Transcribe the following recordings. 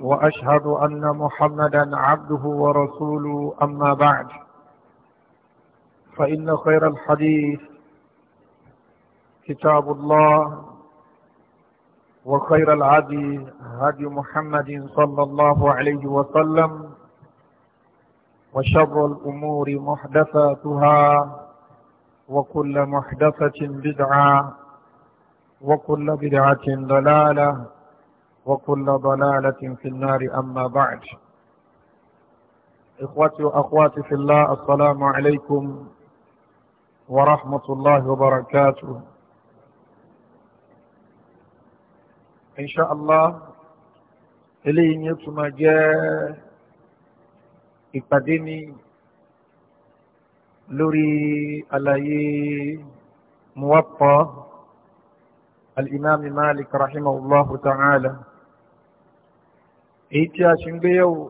وأشهد أن محمدا عبده ورسوله أما بعد فإن خير الحديث كتاب الله وخير العدي هدي محمد صلى الله عليه وسلم وشر الأمور محدثاتها وكل محدثة بدعة وكل بدعة ضلالة وكل ضلالة في النار أما بعد إخوتي وأخواتي في الله السلام عليكم ورحمة الله وبركاته إن شاء الله eléyìí ni جاء tún لوري ألاي موطى الإمام مالك رحمه الله تعالى èyí tí a ṣe ń gbé yẹ̀wò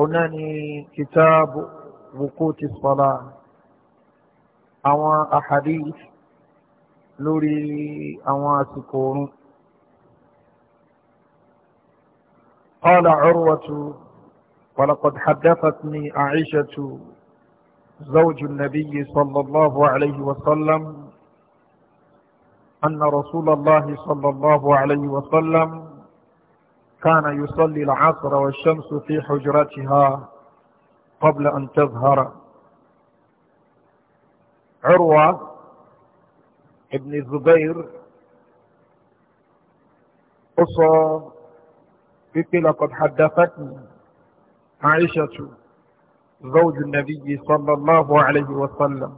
ọ̀nà ni kìtàbù wuquti sọ́lá àwọn ahadith lórí àwọn àsìkò oorun. قال عروة ولقد حدثتني عائشة زوج النبي صلى الله عليه وسلم أن رسول الله صلى الله عليه وسلم كان يصلي العصر والشمس في حجرتها قبل أن تظهر عروة ابن الزبير أصاب بك لقد حدثتني عائشة زوج النبي صلى الله عليه وسلم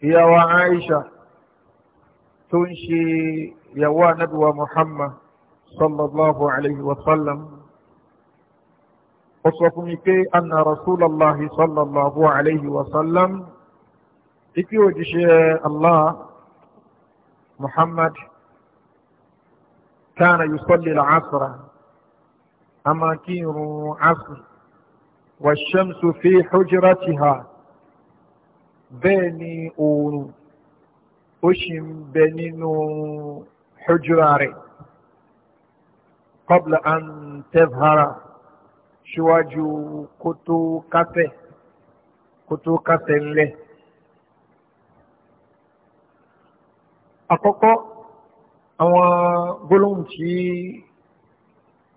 هي وعائشة تنشي يوا نبوة محمد sallallahu alayhi wa sallam ó sọ fún mi pé anna rasulallah sallallahu alayhi wa sallam ikú òjíṣẹ́ allah muhammad kana yusalli al-asra ama kírun asr wa shamsu fi hujratiha bẹ́ẹ̀ ni oòrùn ó sì ń bẹ nínú hujra rẹ̀ qabla an tazhara ṣíwájú kótó kásẹ̀ kótó kásẹ̀ ńlẹ̀. àkọ́kọ́ àwọn gbólóhùn tí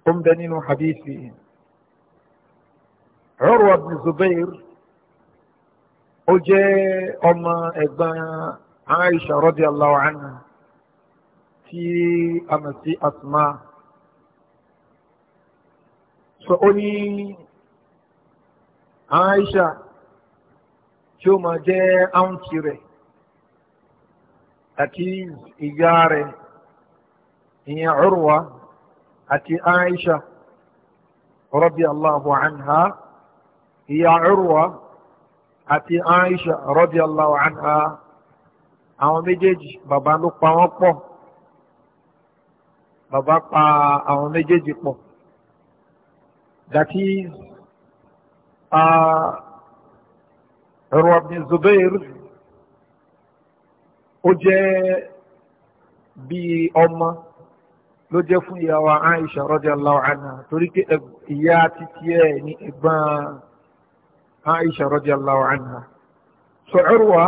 ó ń bẹ nínú hadithi Urwa ibn Zubair ó jẹ́ ọmọ ẹ̀gbọ́n Aisha radiyallahu anha tí a mọ̀ sí Asma' sọ ó Aisha tí o máa jẹ́ áùntì rẹ̀ àti ìyá rẹ̀ ìyẹn Urwa àti Aisha radiyallahu anha ìyá Urwa ati Aisha radiyallahu anha àwọn méjèèjì bàbá ló pa wọ́n pọ̀ bàbá pa àwọn méjèèjì pọ̀. That is, uh, Urwa ibn Zubair, ó jẹ́ bí ọmọ ló jẹ́ fún ìyá wa Aisha radiyallahu anha torí pé ìyá títí ẹ̀ ní ẹ̀gbọ́n Aisha radiyallahu anha. So Urwa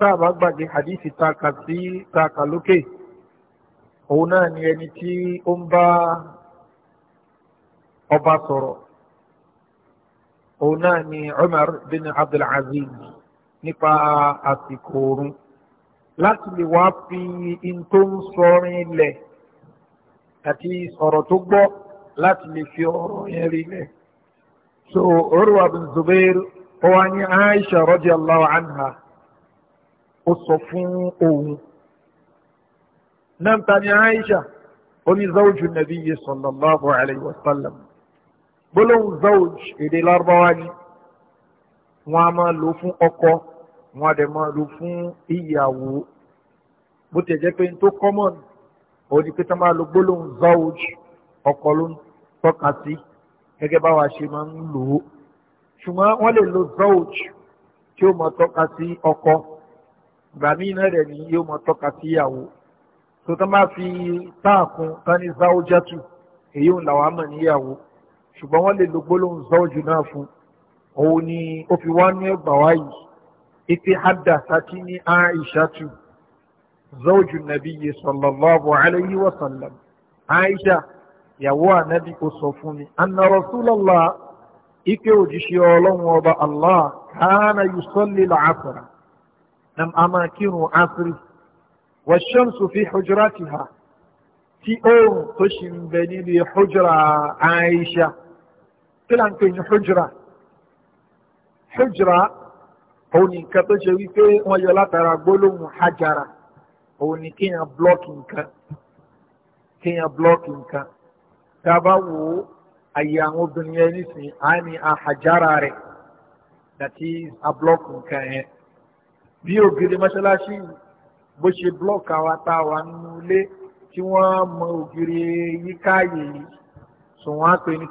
tábà gbàgbé hadithi taka sí taka lókè òun náà ni ẹni tí ó ń bá ọba sọ̀rọ̀ òun náà ni Umar bin Abdulaziz nípa àsìkò oorun láti lè wá fi in tó ń sọrin ilẹ̀ àti ọ̀rọ̀ tó gbọ́ láti lè fi ọ̀rọ̀ yẹn rí ilẹ̀. so Urwa bin Zubair ó wá ní Aisha radiyallahu anha ó sọ fún òun náà ta ni Aisha ó ní nabiyyi sallallahu alayhi wa sallam gbólóhùn zawj èdè lárúbáwá ni wọn a máa lò fún ọkọ wọn a dẹ̀ máa lò fún ìyàwó bó ti jẹ́ pé n tó common òun ni pé tá máa lo gbólóhùn zawj ọkọ ló ń tọ́ka sí gẹ́gẹ́ báwa ṣe máa ń lò ó ṣùgbọ́n wọ́n lè lo zawj tí ó máa tọ́ka sí ọkọ ìgbà míì náà rẹ̀ ni yóò máa tọ́ka sí ìyàwó tó tá máa fi táàkùn tán ní zawjatu èyí ń làwọn àmọ̀ níyàwó ṣùgbọ́n wọ́n lè lo gbólóhùn zọ́ọ̀jù náà fún òun ni ó fi wá ní ẹgbà wá yìí ipe hadda sati ní aishatu zọ́ọ̀jù nàbí yìí sallallahu alayhi wa sallam aisha yàwó ànábì kò sọ fún mi anna rasulallah ike òjíṣẹ́ ọlọ́run ọba allah kana yusalli la'asara nam amakinu asiri wa shamsu fi hujratiha ti oòrùn tó ṣì ń bẹ níbi hujra aisha. Kila là ń pè ní hujra hujra òun ni nǹkan tó ṣe wípé yọ látara gbólóhùn hajara òun ni kéèyàn blọ́ọ̀kì nǹkan kéèyàn blọ́ọ̀kì nǹkan tá a bá wò ó àyè àwọn obìnrin yẹn nísìnyí á ní ahajara rẹ̀ is a nǹkan yẹn e. bí ògiri mọ́ṣáláṣí bó ṣe block àwa tá a wà nínú ilé tí mọ ògiri yíká so wọ́n á pè ní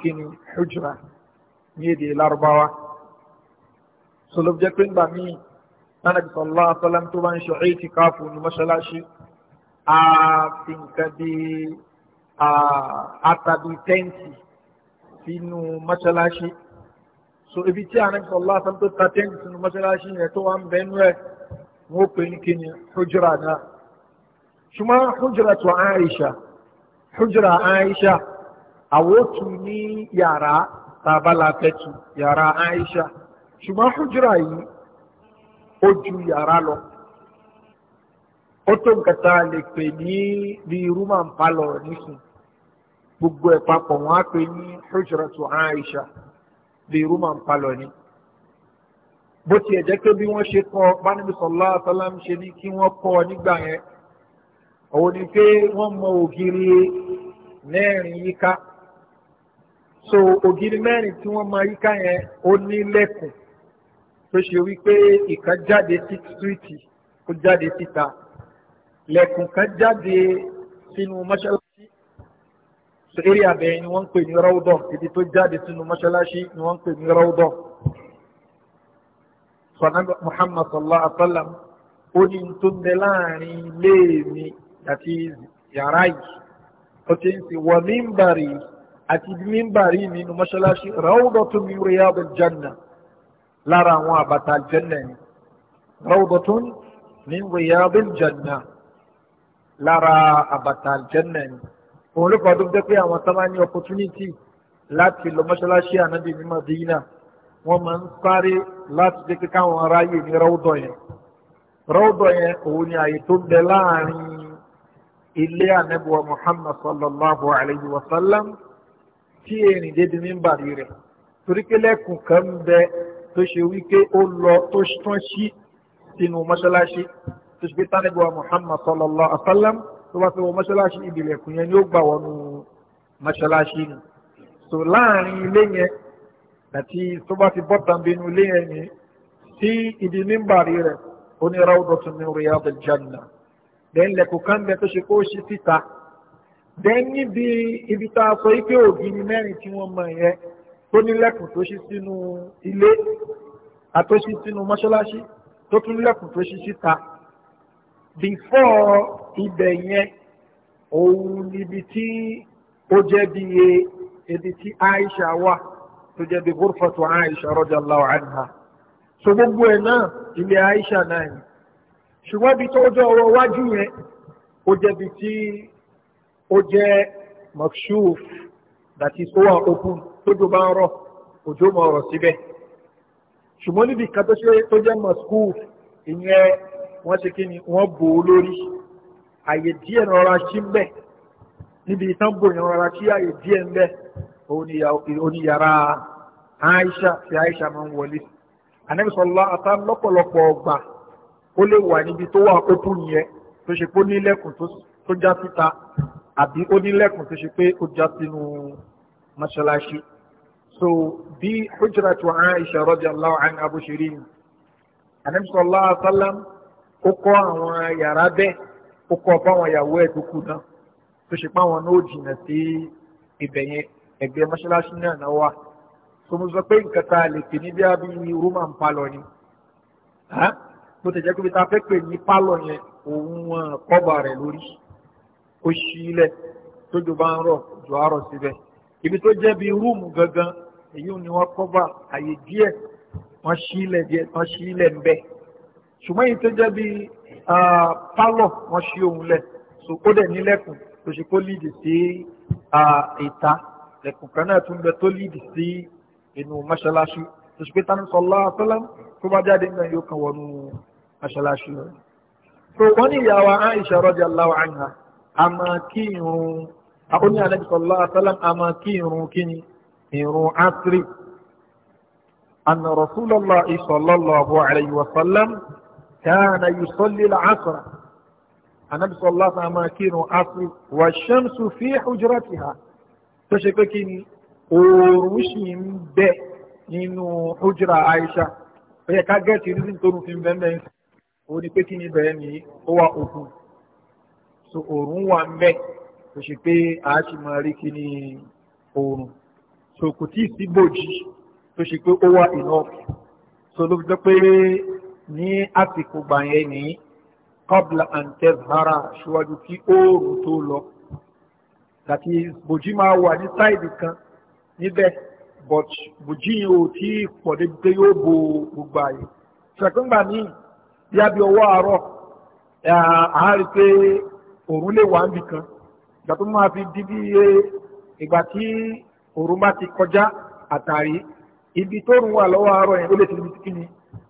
ní èdè lárúbáwá sọlọ jẹ pé ńgbà míì nánàbí sọlá sọlá tó bá ń ṣe ẹyìn tìkáàfù ní mọ́ṣáláṣí a fi nǹkan bí àtàbí tẹ́ǹtì sínú mọ́ṣáláṣí so ibi tí ànàbí sọlá sọlá tó ta tẹ́ǹtì sínú mọ́ṣáláṣí yẹn tó wà ń bẹ́ẹ̀ nú ẹ̀ wọ́n pè ní kíni hujra náà tó Aisha hujra Aisha àwọn ò tún yàrá tàbálà tẹ́tù yàrá Aisha ṣùgbọ́n hujura yìí ó ju yàrá lọ ó tó nǹkan tá a lè pè ní bíi rúmà ń palọ̀ nísìn gbogbo ẹ̀ papọ̀ wọ́n á pè ní hujratu Aisha bíi rúmà ń palọ̀ ni bó tiẹ̀ jẹ́ pé bí wọ́n ṣe kọ́ bánibí sálám ṣe ní kí wọ́n kọ́ nígbà yẹn òun ni pé wọ́n mọ ògiri mẹ́rin yíká so ògiri mẹ́rin tí wọ́n máa yíká yẹn ó ní lẹ́kùn tó ṣe wípé ìkan jáde sí túwìtì ó jáde síta lẹ́kùn kan jáde sínú mọ́ṣáláṣí so eré abẹ́yẹn ni wọ́n ń pè ní ráúdọ̀ ibi tó jáde sínú mọ́ṣáláṣí ni wọ́n ń pè ní ráúdọ̀ sọ̀nàgbà Muhammad sallallahu alaihi wa sallam ó ní tó ń bẹ láàrin ilé àti yàrá yìí ó ti ń sìn wọ́n mímbàrì yìí àti mímbàrí nínú mọ́ṣáláṣí rawdatun min riyadil janna lára àwọn àbàtà aljanna ni rawdatun min riyadil janna lára àbàtà aljanna ni òun ló fà tó jẹ́ pé àwọn sábà ní opportunity láti lọ mọ́ṣáláṣí ànábì ní Madina wọ́n máa ń sáré láti jẹ́ kíkà àwọn aráyè ní rawdọ̀ yẹn rawdọ̀ yẹn òun ni àyè tó bẹ láàrin ilé ànábì Muhammad sallallahu alayhi wa sallam tí erin dédé mímbàrí rẹ̀ torí pé lẹ́kùn kan ń bẹ tó ṣe wípé ó lọ tó tán sí sínú mọ́ṣáláṣí tó ṣe pé tánibọ̀ Muhammad sallallahu alaihi wa sallam tó bá fẹ́ wọ mọ́ṣáláṣí ìbìlẹ̀kùn yẹn ni ó gbà wọnú mọ́ṣáláṣí ni so láàrin ilé yẹn àti tó bá ti bọ́ta bínú ilé yẹn ni sí ìdí mímbàrí rẹ̀ ó ní rawdatun min riyadil janna lẹ́yìn lẹ́kùn kan bẹ tó ṣe kó ṣe síta then níbi ibi tá a sọ pé ògiri mẹ́rin tí wọ́n mọ̀ yẹn tó nílẹ̀kùn tó ṣí sínú ilé àtọ́ṣí sínú mọ́ṣáláṣí tó tún nílẹ̀kùn tó ṣí síta before ibẹ̀ yẹn òun níbi tí ó jẹ́ bí ibi tí Aisha wà tó jẹ́ bí gurfatu Aisha radiyallahu anha so gbogbo ẹ̀ náà ilé Aisha náà ni ṣùgbọ́n ibi tó jọ ọwọ́ wájú yẹn ó jẹ́ bí tí ó jẹ́ makshuf that is ó wà open tójú bá ń rọ̀ òjò mọ̀ ọ̀rọ̀ síbẹ̀ ṣùgbọ́n níbi kan tó ṣe tó jẹ́ maskuf ìyẹn wọ́n ṣe kí ni wọ́n bò ó lórí àyè díẹ̀ rọra ṣí ń níbi ìtàn bò yẹn rọra ṣí àyè díẹ̀ ń oníyàrá Aisha ti Aisha máa ń wọlé Ànábì sallallahu alaihi wasallam lọ́pọ̀lọpọ̀ ọgbà ó lè wà níbi tó wà open yẹn tó ṣe pé ó tó já síta àbí ó ní lẹ́kùn tó ṣe pé ó já sínú mọ́ṣáláṣí so bí hujrat wa aisha radiyallahu anha bó ṣe rí ni anabi sallallahu alaihi wasallam ó kọ́ àwọn yàrá bẹ́ẹ̀ ó kọ́ fáwọn ìyàwó ẹ̀ tó kù náà tó ṣe pé àwọn náà ó jìnnà sí ibẹ̀ yẹn ẹgbẹ́ mọ́ṣáláṣí náà náà wà tó mo sọ pé nǹkan tá lè pè ní bí a bí rúmà ń palọ̀ ni bó ti pé bí ta fẹ́ pè ní palọ̀ yẹn òun kọ́ba rẹ̀ lórí ó ṣí ilẹ̀ tójú bá ń rọ̀ jù á síbẹ̀ ibi tó jẹ́ bíi rúùmù gangan èyí ni wọ́n kọ́ bá àyè díẹ̀ wọ́n ṣí díẹ̀ wọ́n ṣí ń bẹ̀ ṣùgbọ́n èyí tó jẹ́ bíi pálọ̀ wọ́n ṣí òun lẹ̀ so ó dẹ̀ nílẹ̀kùn tó ṣe kó lídì sí ìta lẹ̀kùn kan náà tún bẹ tó lídì sí inú mọ́ṣáláṣí tó ṣe pé tani sọlá sọlá tó bá jáde náà yóò kàn wọnú mọ́ṣáláṣí lọ. so wọ́n ní ìyá wa Aisha radiyallahu anha a máa kí irun àwọn ní alẹ́ sọ̀lá àtàlám a máa kí irun kíni irun asiri anna rasulallah sallallahu alayhi wa sallam kana yusalli al-asr anabi sallallahu alayhi wa sallam a máa kí irun asiri wa shamsu fi hujratiha tó ṣe pé kíni oòrùn sì ń bẹ nínú hujra aisha ó yẹ ká gẹ́ẹ̀tì rízìn tó rúfin bẹ́ẹ̀ mẹ́rin ó ní pé kíni bẹ́ẹ̀ ni ó wà òkun so òòrùn wà ń bẹ kò ṣe pé a ti máa rí kíní òòrùn so kò tí ì sí bòjì tó ṣe pé ó wà enough so ló fi jẹ́ pé ní àsìkò gbà yẹn ní qabla an tazhara ṣíwájú kí òòrùn tó lọ àti bòjì máa wà ní sáìdì kan níbẹ̀ but bòjì yìí ò tí ì pọ̀ débi pé yóò bo gbogbo àyè ṣàkóńgbà míì bí a bí ọwọ́ àárọ̀ àárí pé òrùn lè wà níbi kan ìgbà tó máa fi di bí e, ìgbà tí òrùn bá ti kọjá àtàrí ibi tó rùn wà lọ́wọ́ àárọ̀ yẹn ó lè ti di kí ni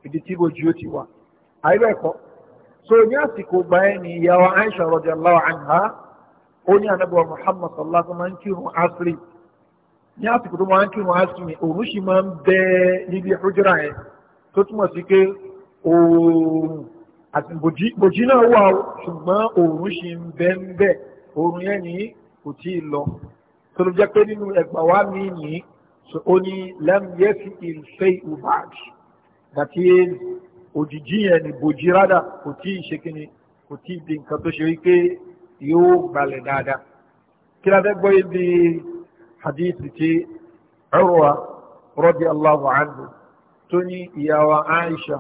ìdí tí ojú ó ti wà àìbẹ̀ kọ́ so ní àsìkò gbà ẹ́ ni ìyàwó Aisha radiyallahu anha ó ní anábọ̀ Muhammad sallallahu alaihi wa sallam ń kírun asiri ní àsìkò tó máa ń kírun asiri òrùn sì máa ń bẹ níbi ìhújúra yẹn tó túmọ̀ sí pé oòrùn àti bòjí náà wà ṣùgbọ́n òòrùn ṣì ń bẹ́ ń bẹ́ òòrùn yẹn ní kò tí ì lọ tó ló jẹ́ pé nínú ẹgbà wa mi ní ó ní lẹ́mìíyẹ́sì ìfẹ́ ìbàdí àti òjìjí yẹn ní bòjí rádà kò tí ì ṣe kíni kò tí ì di nǹkan tó ṣe wípé yóò gbalẹ̀ dáadáa kí ládé gbọ́ yìí bí hadith ti Urwa radiyallahu anhu tó ní ìyàwó Aisha.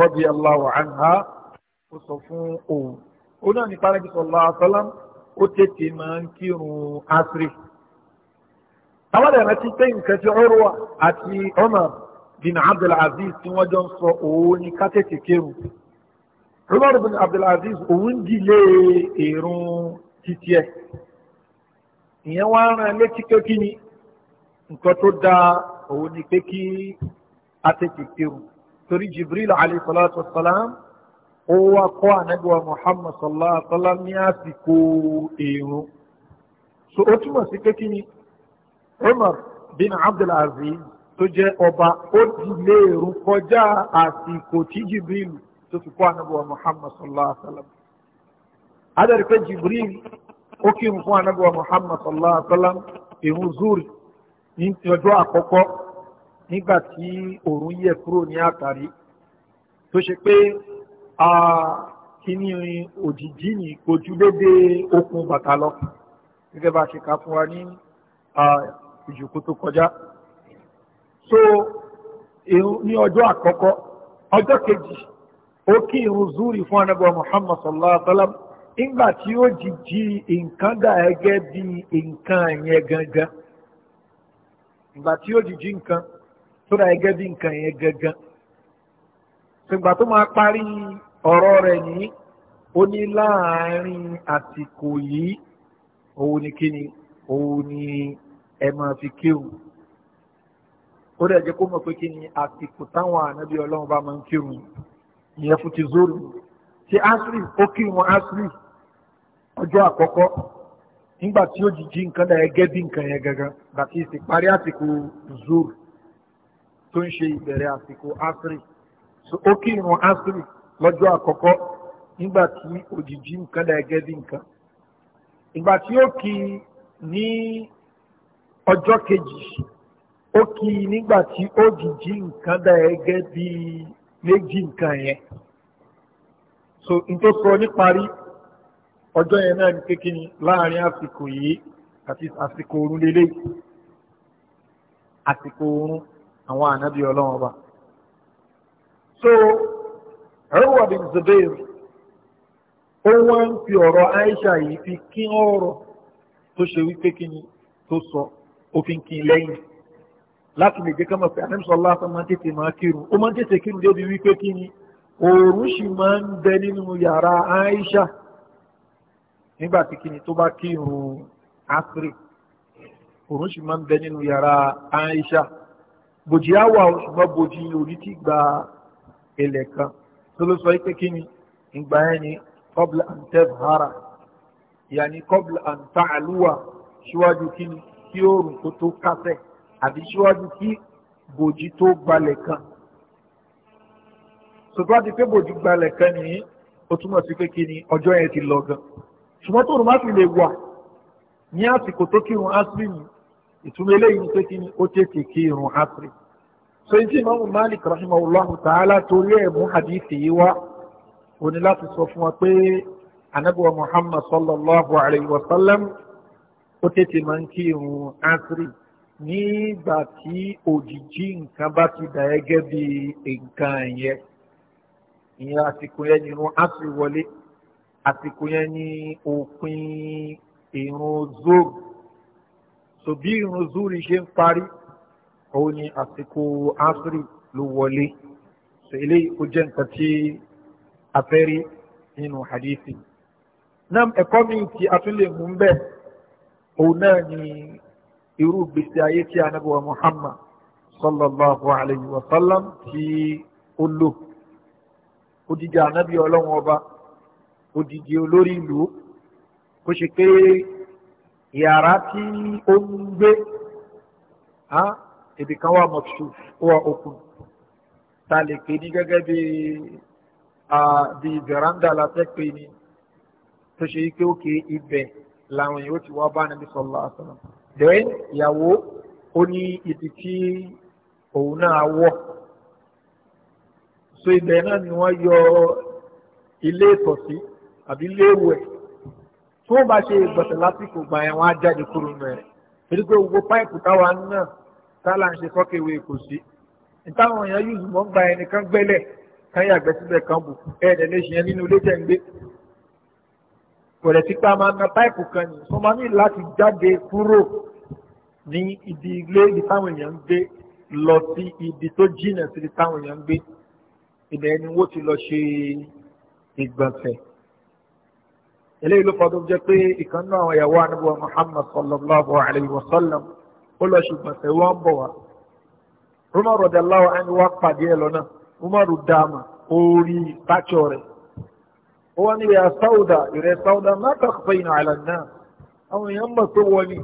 radiyallahu anha ó sọ fún òun ó náà ní pálákì sallallahu alaihi wasallam ó tètè máa ń kírun asiri. àwọn titi ti pé nǹkan ti Urwa àti bin Abdulaziz tí wọ́n jọ ń sọ òun ní bin Abdulaziz òun dìlé èrún títí ẹ̀ ìyẹn wá rán létí ni nǹkan tó dáa òun pé kí torí jibril alayhi salatu wa salam ó wá kọ́ ànágbà muhammad sallallahu alayhi wa sallam ní àsìkò èrò so ó túmọ̀ sí pé kí ni umar bin abdulaziz tó jẹ́ ọba ó ti lé èrò kọjá àsìkò tí jibril tó fi kọ́ ànágbà muhammad sallallahu alayhi wa sallam adari pé jibril ó kírun fún ànágbà muhammad sallallahu alayhi wa sallam èrò zuri ní ọjọ́ àkọ́kọ́ nígbà tí òòrùn yẹ kúrò ní àtàrí tó ṣe pé kíní òjìjí ní kojú dédé okùn bàtà lọ gẹ́gẹ́ bá ṣe kà fún wa ní ìjòkó tó kọjá so ní ọjọ́ àkọ́kọ́ ọjọ́ kejì ó kí irun zuri fún anábọ̀ muhammad sallallahu alaihi wa sallam nígbà tí ó jìjì nǹkan dà gẹ́gẹ́ bí nǹkan yẹn gangan nígbà tí ó jìjì nǹkan tó dà gẹ́gẹ́ bí nǹkan yẹn gangan ṣùgbà tó máa parí ọ̀rọ̀ rẹ̀ ní ó ní láàárín àsìkò yìí òun ni kíni òun ni ẹ máa fi kírun ó dẹ̀ jẹ́ kó mọ̀ pé kíni àsìkò táwọn ànábì ọlọ́run bá máa ń kírun ìyẹn fún ti zoro ṣe asiri ó kírun asiri ọjọ́ àkọ́kọ́ nígbà tí ó jìjì nǹkan dà gẹ́gẹ́ bí nǹkan yẹn gangan gbàtí ìsìparí àsìkò zoro tó ń ṣe ìbẹ̀rẹ̀ àsìkò asiri so ó kí irun asiri lọ́jọ́ àkọ́kọ́ nígbà tí òjìji nǹkan dà gẹ́gẹ́ bí nǹkan ìgbà tí ó kí ní ọjọ́ kejì ó kí nígbà tí òjìji nǹkan dà bí méjì nǹkan yẹn so n tó sọ níparí ọjọ́ yẹn náà ní kékeré láàrin àsìkò yìí àti àsìkò oorun lélẹ́yìí àsìkò oorun àwọn ànábì ọlọ́run ọba. so Urwa bin Zubair ó wá ń fi ọ̀rọ̀ Aisha yìí fi kí ọ̀rọ̀ tó ṣe wípé kí ni tó sọ òfin kí n lẹ́yìn láti lè jẹ́ ká mọ̀ pé anamsọ́lá tó máa ń tètè máa kírun ó máa ń tètè kírun débi wípé kí ni òòrùn sì máa ń bẹ nínú yàrá Aisha nígbà tí kí ni tó bá kírun asiri òòrùn sì máa ń bẹ nínú yàrá Aisha bòjì á wà o ṣùgbọ́n bòjì orí ti gba ilẹ̀ kan tó ló sọ pé kí ni ìgbà yẹn ni qabla an tazhara yàní qabla an ta'luwa síwájú kí ni kí oòrùn kó tó kásẹ̀ àbí síwájú kí bòjì tó gbalẹ̀ kan sọtọ́ àti pé bòjì gbalẹ̀ kan nìyí ó túmọ̀ sí pé kí ni ọjọ́ yẹn ti lọ gan ṣùgbọ́n tó má fi lè wà ní àsìkò tó kírun asiri ìtumọ̀ eléyìí pé kí ni ó tètè kí irun asiri so ní tí imaamu malik rahimahullahu ta'ala torí ẹ̀ mú hadithi yìí wá ó ní láti sọ fún wa pé anabiwa muhammad sallallahu alayhi wa sallam ó tètè máa ń kí irun asiri nígbà tí òjìji nǹkan bá ti dà gẹ́gẹ́ bí nǹkan yẹn ìyẹn àsìkò yẹn ni irun asiri wọlé àsìkò yẹn ni òpin irun zoro so bí irun zuri ṣe ń parí òun ni àsìkò asiri ló wọlé so eléyìí ó jẹ́ nǹkan tí a fẹ́ rí nínú hadithi náà ẹ̀kọ́ mi tí a tún lè mú bẹ́ẹ̀ òun náà ni irú gbèsè ayé tí ànábì wa Muhammad sallallahu alayhi wa sallam tí ó lò odidi ànábì ọlọ́run ọba odidi olórí ìlú ó ṣe pé yàrá tí ó ń gbé ibì kan wà mọ̀tò wà òkun ta lè pè ní gẹ́gẹ́ bí bí veranda la fẹ́ pè ní tó ṣe pé ó ké ibẹ̀ làwọn èèyàn ó ti wá bá nàbí sọlá àtàlà then ìyàwó ó ní ibi tí òun náà wọ̀ so ibẹ̀ náà ni wọ́n yọ ilé ìtọ̀sí àbí ilé ìwẹ̀ tí wọ́n bá ṣe ìgbọ̀nsẹ̀ lásìkò gbà yẹn wọ́n á jáde kúrò nù ẹ̀ torí pé gbogbo páìpù táwa náà tálà ń ṣe fọ́kèwé kò sí ìtàwọn èèyàn yóò mọ̀ ń gba ẹnìkan gbẹ́lẹ̀ kan yàgbẹ́ síbẹ̀ kan bù ẹ̀ẹ́dẹ̀ lè ṣe yẹn nínú ilé tẹ̀ ń gbé pẹ̀lẹ́ tí pa máa na páìpù kan yìí wọ́n máa ní láti jáde kúrò ní ibi ilé ibi táwọn èèyàn ń gbé lọ sí ibi tó jìnnà sí ibi táwọn èèyàn ń gbé ibẹ̀ wọ́n ti lọ ṣe ìgbọ̀nsẹ̀ eléyìí ló fọdún jẹ́ pé ìkan náà àwọn ìyàwó anábíwá muhammad sallallahu alayhi wa sallam ó lọ ṣùgbọ́n sẹ́ wọ́n ń bọ̀ wá umar radiyallahu anhu wá pàdé ẹ̀ lọ́nà umar dàmà orí bákyọ̀ rẹ̀ ó wá ní ìyá sáúdà ìrẹ́ sáúdà má tàkùfẹ́ ìnà àlà náà àwọn èèyàn mọ̀ pé wọ́n ni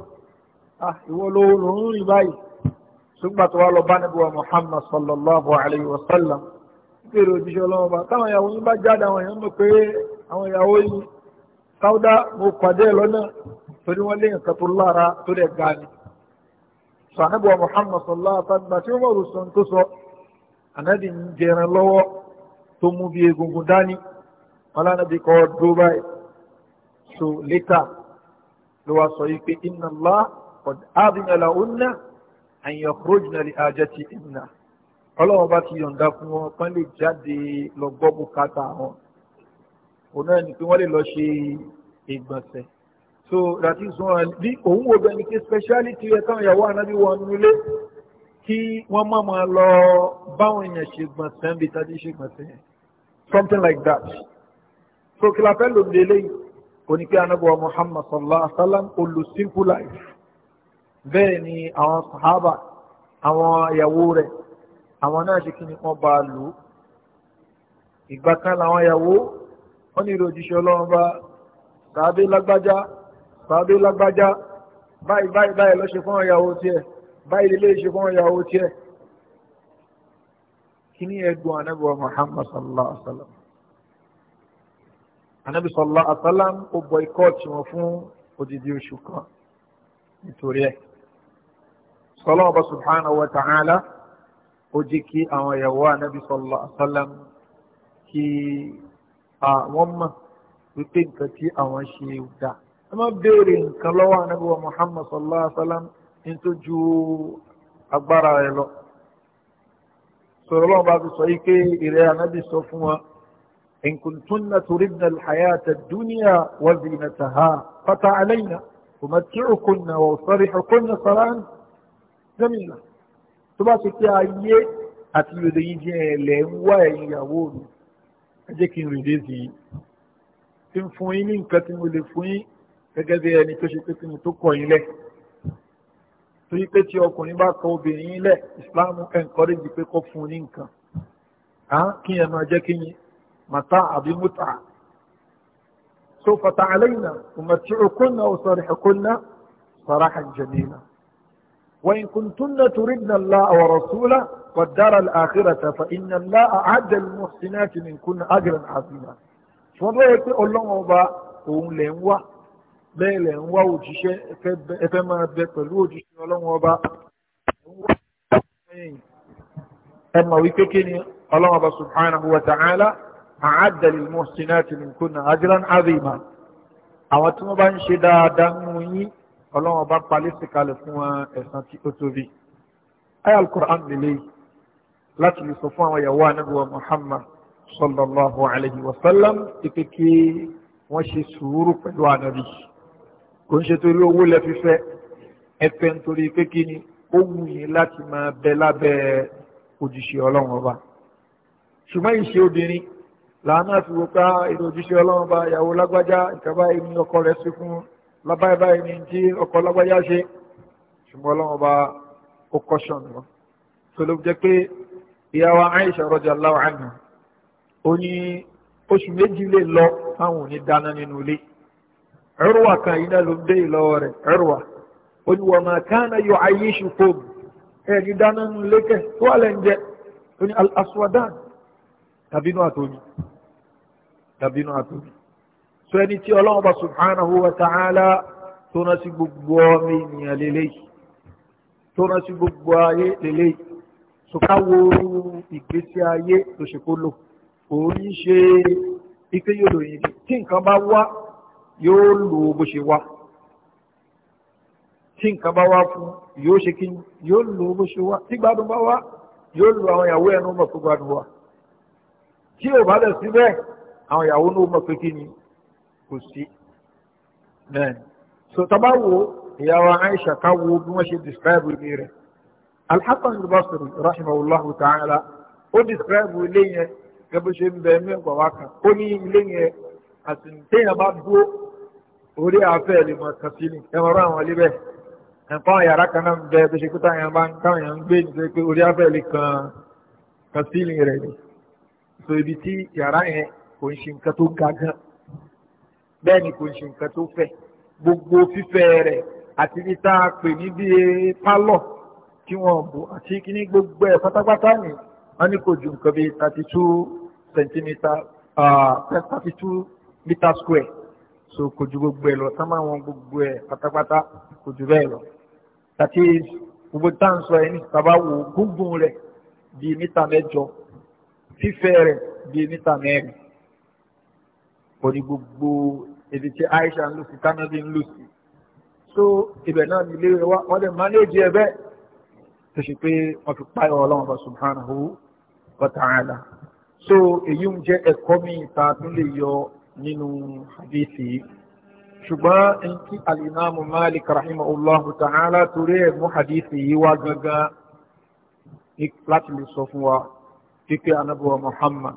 ah, ìwọ ló ń rìn báyìí ṣùgbọ́n tó wá lọ bá anábíwá muhammad sallallahu alayhi wa sallam ń bèrè òjíṣẹ́ ọlọ́wọ́ bá táwọn ìyàwó yín bá jáde àwọn èèyàn mọ̀ pé àwọn ìyàwó yín káwọ́dá mo pàdé ẹ̀ lọ́nà torí wọ́n lé nǹkan tó lára tó lẹ̀ ga ni sọ anábọ̀ Muhammad sọlá àtàgbà tí wọ́n rò sọ tó sọ anábì ń jẹran lọ́wọ́ tó mú bí egungun dání ọlánàbì kọ́ dúró báyìí so later ló wá sọ yìí pé inna Allah qad adina lahunna an yakhrujna li hajati ọlọ́wọ́n bá ti yọ̀ǹda fún wọn pọ́n jáde lọ gbọ́ bùkátà wọn òun náà ni pé wọ́n lè lọ ṣe ìgbọ̀nsẹ̀ so that is one bí òun wo bẹ́ẹ̀ ni pé speciality rẹ̀ táwọn ìyàwó ànábì wọn nulẹ̀ kí wọ́n má máa lọ báwọn èèyàn ṣe gbọ̀nsẹ̀ níbi tàbí ṣe gbọ̀nsẹ̀ something like that so kí la fẹ́ lò ní eléyìí òní pé ànábì Muhammad sallallahu alaihi wa sallam olù simple life bẹ́ẹ̀ ni àwọn sahaba àwọn ìyàwó rẹ̀ àwọn náà ṣe kí ni wọ́n bá lò ìgbà kan làwọn ìyàwó wọ́n ní ìròjíṣẹ́ ọlọ́run bá sàábé lágbájá sàábé lágbájá báyìí báyìí báyìí lọ ṣe fún ìyàwó tiẹ̀ báyìí lè ṣe fún ìyàwó tiẹ̀ kí ni ẹ̀dùn anábìwá Muhammad sallallahu alaihi wa sallam anábì sallallahu alaihi wa sallam ó boycott wọn fún odidi oṣù kan nítorí ẹ̀ sọlọ́wọ́ bá subhanahu wa ta'ala ó jẹ́ kí àwọn ìyàwó anábì sallallahu alaihi wa sallam kí àwọn ah, mọ̀ wípé nǹkan tí àwọn ṣe ò dá ẹ má béèrè nǹkan lọ́wọ́ anábíwá muhammad sallallahu alayhi wa sallam ní tó ju agbára rẹ̀ lọ sọ̀rọ̀ lọ́wọ́ bá fi sọ yìí pé ìrẹ́ anábì sọ fún wa in kuntunna turidna alhayata dunya wa zinataha fata alayna umati'ukunna wa usarihukunna sarahan jamila tó bá ti pé ayé àti yòdè yìí jẹ́ ẹ̀lẹ́ ń wá ẹ̀yìn ìyàwó mi ẹ jẹ́ kí n rìn déèzì yìí tí ń fún yín ní nǹkan tí mo lè fún yín gẹ́gẹ́ bí ẹni tó ṣe pé kí n tó kọ̀ yín lẹ̀ torí pé tí ọkùnrin bá kọ obìnrin yín lẹ̀ Islam encourage pé kó fún un ní nǹkan kí ẹ máa jẹ́ kí yín màtá àbí mútà so fata'alayna umati'ukunna wa sarihukunna sarahan jamila. وإن كنتن تردن الله ورسوله والدار الآخرة فإن الله أعد المحسنات من كن أجرا عظيما ṣùgbọ́n yẹ pé ọlọ́run ọba òun lè ń wá bẹ́ẹ̀ lè ń wá òjíṣẹ́ ẹfẹ́ máa bẹ pẹ̀lú òjíṣẹ́ ọlọ́run ọba ẹ mọ̀ wípé kí ni ọlọ́run ọba subhanahu wa ta'ala أعد للمحسنات من كن أجرا عظيما àwọn tí wọ́n bá ń ṣe dáadáa ń wọ̀nyí ọlọ́run ọba palẹ́sì kalẹ̀ fún wọn ẹ̀san tí ó tóbi ayé alukur'an lele láti lè sọ fún àwọn ìyàwó anabiwa muhammad sallallahu alayhi wa sallam ipe kí wọ́n ṣe sùúrù pẹ̀lú anabi kò ń ṣe torí owó lẹ́fífẹ́ ẹ̀fẹ́ nítorí pé ni ó wù yín láti máa bẹ lábẹ́ òjìṣẹ́ ọlọ́run ọba ṣùgbọ́n ìṣe obìnrin làánà àti wọ́pá èrò ah, òjìṣẹ́ ọlọ́run ọba lágbájá ìkàbá ìní ọkọ rẹ̀ sí fún wọn lábáyé báyìí ní tí ọkọ lágbáyá ṣe ṣùgbọ́n ọlọ́run ọba ó kọ́ṣọ̀n wọn tó ló jẹ́ pé ìyá wa Aisha radiyallahu anha ó ní oṣù méjì lè lọ táwọn ò ní dáná nínú ilé Urwa kan yìí náà ló ń dé ìlọ́wọ́ rẹ̀ Urwa ó ní wọ́n máa kánà yọ ayishukum ẹ̀rí dáná nínú ilé kẹ̀ tó wà lẹ́ ń jẹ́ ó ní al-aswadan tàbínú àtòyìn sọ ẹni tí ọlọ́run bá subhanahu wa ta'ala tó rán sí gbogbo ọmọ ènìyàn lélẹ́yìí tó rán sí gbogbo ayé lélẹ́yìí sọkáwo ìgbésí ayé tó ṣe kó lò òun ń ṣe ike yóò lò yìí tí nǹkan bá wá yóò lò bó ṣe wá tí nǹkan bá wá fún yóò ṣe kí yóò lò bó ṣe wá tí gbádùn bá wá yóò lò àwọn ìyàwó ẹnu mọ̀ fún gbádùn wa tí ò bá dẹ̀ síbẹ̀ àwọn ìyàwó ló mọ̀ pé kí ni kò sí náà so tọ́ba wo ìyàwó Aisha ká wo bí wọ́n ṣe describe ilé rẹ̀ Al-Hasan al-Basri rahimahullahu ta'ala ó describe ilé yẹn gẹ́gẹ́ ṣe ń bẹ mẹ́wàá wá kan ó ní ilé yẹn àtúntẹ́yìn bá dúró orí afẹ́ lè mọ̀ kàn sí ni ẹ̀wọ̀n rán àwọn ilé nǹkan yàrá kan náà ń bẹ bí ṣe kúta yẹn bá ń káwọn ń gbé nítorí pé orí afẹ́ lè kan kan sílìn rẹ̀ ni so ibi tí yàrá yẹn kò ń ṣe nǹkan tó ga gan bẹ́ẹ̀ ni kò ń ṣe nǹkan tó fẹ́ gbogbo fífẹ́ rẹ̀ àti ní tá a pè ní bíi pálọ̀ tí wọ́n bù àti kíní gbogbo ẹ̀ pátápátá ni wọ́n ní kò ju nǹkan bíi thirty two centimetre thirty two meter square so kò ju gbogbo ẹ̀ lọ sámá wọn gbogbo ẹ̀ pátápátá kò ju bẹ́ẹ̀ lọ tàti gbogbo tá à ń sọ ẹ̀ ní sábà wò gúngun rẹ̀ bíi mítà mẹ́jọ fífẹ́ rẹ̀ bíi mítà mẹ́rin orí gbogbo ibi tí Aisha ń lù sí tánàbí ń lù sí so ibẹ̀ náà ní ilé wa wọ́n lè mánéjì ẹ̀ bẹ́ẹ̀ tó ṣe pé wọ́n fi pa ìwọ ọlọ́run bá subhanahu wa ta'ala so èyí ń jẹ́ ẹ̀kọ́ mi ta tún lè yọ nínú hadithi ṣùgbọ́n ẹni tí alimami Malik rahimahullahu ta'ala torí ẹ̀ mú hadithi yìí wá gangan láti lè sọ fún wa kíkẹ́ anabuwa Muhammad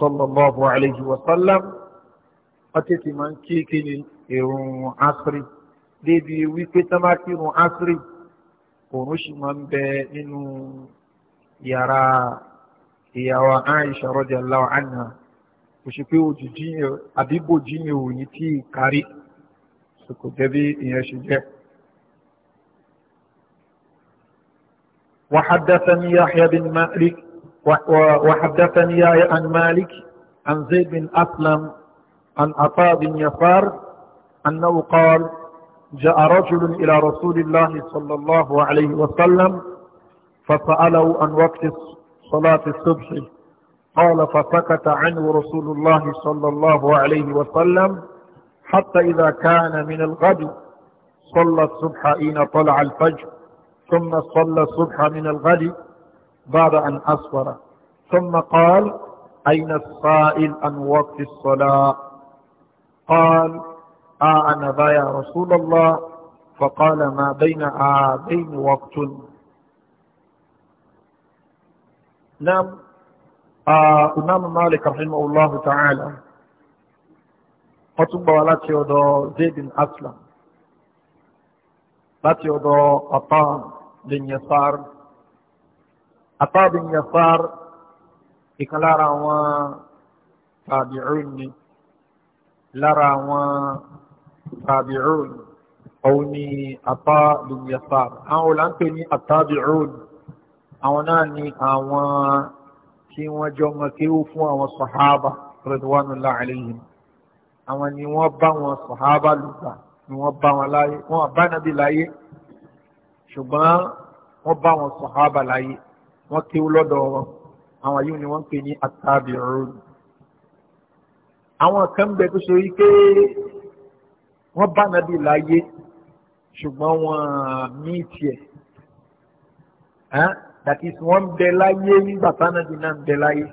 sallallahu alayhi wa sallam ọtẹ́tì máa ń kí kíni ìrun asiri débi wípé tamaki ìrun asiri òun sì máa ń bẹ nínú yàrá ìyàwó Aisha radiyallahu anha kò sí pé òjijì àbí ni òun yìí kárí kò jẹ́ ìyẹn ṣe jẹ́. وحدثني يحيى بن مالك وحدثني عن مالك عن زيد بن أسلم عن عطاء بن يسار أنه قال جاء رجل إلى رسول الله صلى الله عليه وسلم فسأله عن وقت صلاة الصبح قال فسكت عنه رسول الله صلى الله عليه وسلم حتى إذا كان من الغد صلى الصبح حين طلع الفجر ثم صلى الصبح من الغد بعد أن أصفر ثم قال أين السائل عن وقت الصلاة قال أعنبا آه، يا رسول الله فقال ما بين هذين وقت نعم آه، إمام مالك رحمه الله تعالى قطب ولاتي ودو زيد أسلم لاتي ودو بن يسار أطا بن يسار إكلارا وتابعوني lára àwọn tabi'un òun ni ata bin yasar àwọn olàǹpẹ̀ ní atabi'un àwọn náà ni àwọn tí wọ́n jọ mọ̀ kéwú fún àwọn sàhábà radwanullahi alayhim àwọn ni wọ́n bá wọn sàhábà lùgbà ni wọ́n bá wọn láyé wọ́n bá nàbí láyé ṣùgbọ́n wọ́n bá wọn sàhábà láyé wọ́n kéwú lọ́dọ̀ wọn àwọn yìí ni wọ́n pè ní atabi'un àwọn kan bẹ tó ṣe wípé wọ́n bá nàbí láyé ṣùgbọ́n wọ́n mí tiẹ̀ that is wọ́n bẹ láyé nígbà tánàbí náà ń bẹ láyé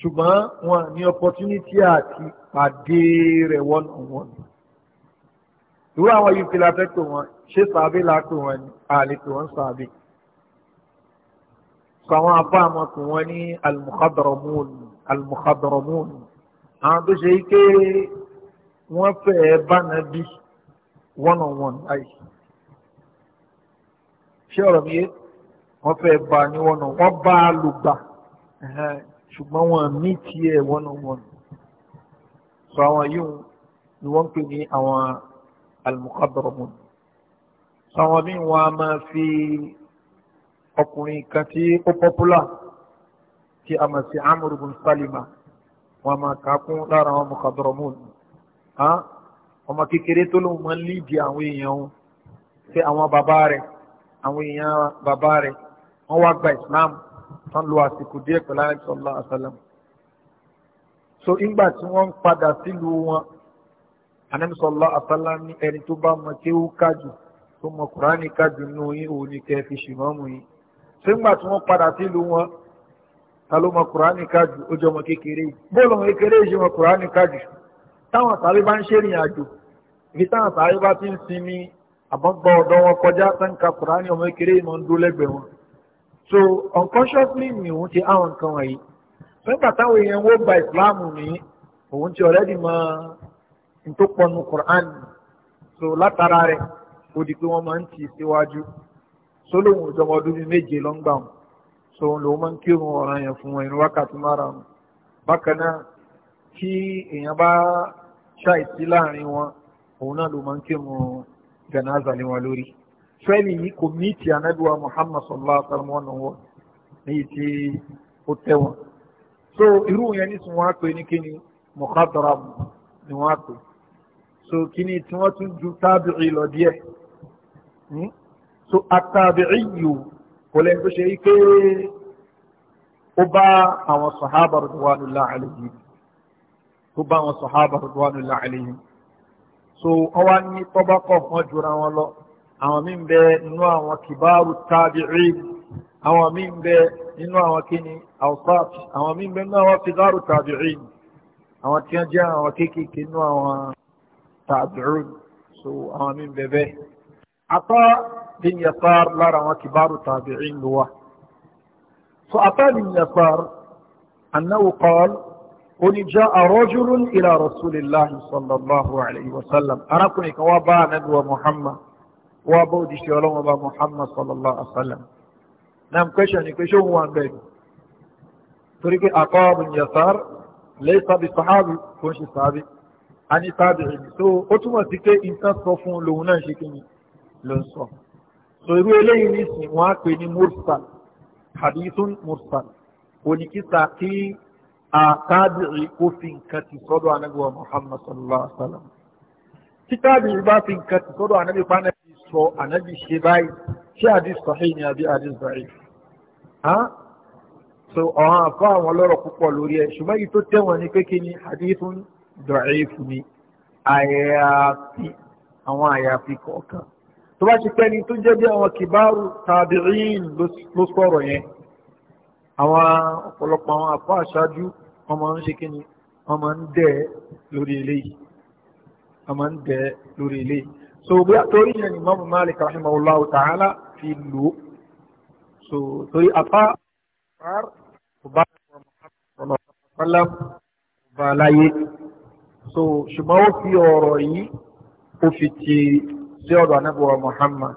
ṣùgbọ́n wọ́n ní opportunity àti pàdé rẹ̀ one on one irú àwọn yìí fi la fẹ́ pè ṣé sàbí la pè ni àlè pè wọ́n sàbí sọ àwọn afọ àmọ́ pè wọ́n ní al-mukhadaramun àwọn tó ṣe ike wọ́n fẹ́ bána bí one on one láì ṣé ọ̀rọ̀ mi yé wọ́n fẹ́ bá ní one on wọ́n bá a lò gbà ṣùgbọ́n wọn mí tiẹ̀ one on one sọ àwọn yìí ni wọ́n ń pè ní àwọn almuqaddaramun sọ àwọn míì wọn a máa fi ọkùnrin kan tí ó pọ́pùlà tí a mọ̀ sí amúrùbùn sálìmà wọn máa kà kún lára àwọn mọ̀kàdọ̀rọ̀mọ́n ọmọ kékeré tó lóun máa ń lídìí àwọn èèyàn wọn ṣe àwọn bàbá rẹ̀ àwọn èèyàn bàbá rẹ̀ wọ́n wá gba Islam tán lo àsìkò díẹ̀ pẹ̀lú àyẹ̀sọ̀ sallallahu alaihi wasallam so ìgbà tí wọ́n ń padà sílùú wọn anamisọlá asálá ní ẹni tó bá mọ kéwú kájù tó mọ kùránì kájù nù yín òun ni kẹ́ fi ṣìmọ́mù yín sígbà tí wọ́n padà sílùú wọn ta ló mọ kùránì kájù ó jẹ́ ọmọ kékeré bóòlù ọmọ kékeré yìí ṣe mọ kùránì kájù táwọn sáré bá ń ṣèrìn àjò ibi táwọn bá ti ń sinmi àbọ̀gbọ́ ọ̀dọ́ wọn kọjá sẹ́ńkà kùránì ọmọ kékeré yìí mọ̀ ń so unconsciously ni òun ti àwọn nǹkan wọ̀nyí táwọn èèyàn wó gba ìsìláàmù òun ti ọ̀rẹ́dì mọ ntòpọ̀nù kùránì so látara rẹ̀ ó pé wọ́n máa ń ìjọba ọdún méje so lòun máa ń kírun ọ̀ràn yẹn fún ẹ̀rùn wákàtí márùn-ún bákan náà kí èèyàn bá ṣàìsí láàrin wọn òun náà ló máa ń kírun janaza lé wọn lórí fẹ́ẹ̀lì yìí kò míìtì anábíwá muhammad sallallahu alaihi wa sallam wọn wọn níyì tí ó tẹ́ wọn so irú yẹn nísìnyí wọn á pè ní kíni mukhadram ni wọn á pè so kíni tí wọn tún ju tábìrì lọ díẹ̀ hmm? so àtàbìrì yìí kò lẹ́ni tó ṣe wípé ó bá àwọn sàhábà radwanullahi alayhim tó bá àwọn sàhábà radwanullahi alayhim so ọwá ní tọ́bákọ̀ wọn jura wọn lọ àwọn míì ń bẹ nínú àwọn kìbáàrù tabi'in àwọn míì ń bẹ nínú àwọn kíni awsat àwọn míì bẹ nínú àwọn kìbáàrù tabi'in àwọn tí wọ́n jẹ́ àwọn kéékèèké nínú àwọn tabi'in so àwọn míì ń bẹ bin yasar lára àwọn kìbáàrù tabi'in ló wà. so ata bin yasar annahu qala oni jaa rajulun ila rasulillahi sallallahu alayhi wa sallam arákùnrin kan wá bá anabi wa muhammad wá bá òjíṣẹ́ ọlọ́wọ́ bá muhammad sallallahu alayhi wa sallam nam question ni question wa bẹ́ẹ̀ torí pé ata bin yasar laysa bi sahabi kò ń ṣe sahabi a ní tabi'in so ó túmọ̀ sí pé nǹkan sọ fún lòun náà ṣe kí ni ló ń sọ so irú eléyìí nísìn wọn á pè ní mursal hadithun mursal oníkísà kí àtàdìrí kó fi nǹkan ti sọ́dọ̀ anábìwá muhammad sallallahu alaihi wa sallam tí tábìrì bá fi nǹkan ti sọ́dọ̀ anábì pa anábì sọ anábì ṣe báyìí ṣé hadith sahih ni àbí hadith da'if so àwọn àfọ àwọn ọlọ́rọ̀ púpọ̀ lórí ẹ̀ ṣùgbọ́n yìí tó tẹ̀wọ̀n ni pé kí ni hadithun da'if ni àyàfi àwọn àyàfi kọ̀ọ̀kan tó bá ṣe pẹ́ ni tó jẹ́ bí àwọn kìbáàrù tàbíìn ló sọ̀rọ̀ yẹn àwọn ọ̀pọ̀lọpọ̀ àwọn àpá àṣáájú wọ́n máa ń ṣe kí ni wọ́n máa ń dẹ̀ lórí eléyìí wọ́n máa ń dẹ̀ lórí eléyìí so bí torí yẹn ni Imam Malik rahimahullahu ta'ala fi lò ó so torí àpá àpár ọba ọlọ́pàá ọba aláyé so ṣùgbọ́n ó fi ọ̀rọ̀ yìí ó fi ti sí ọ̀dọ̀ anábọ̀wá Muhammad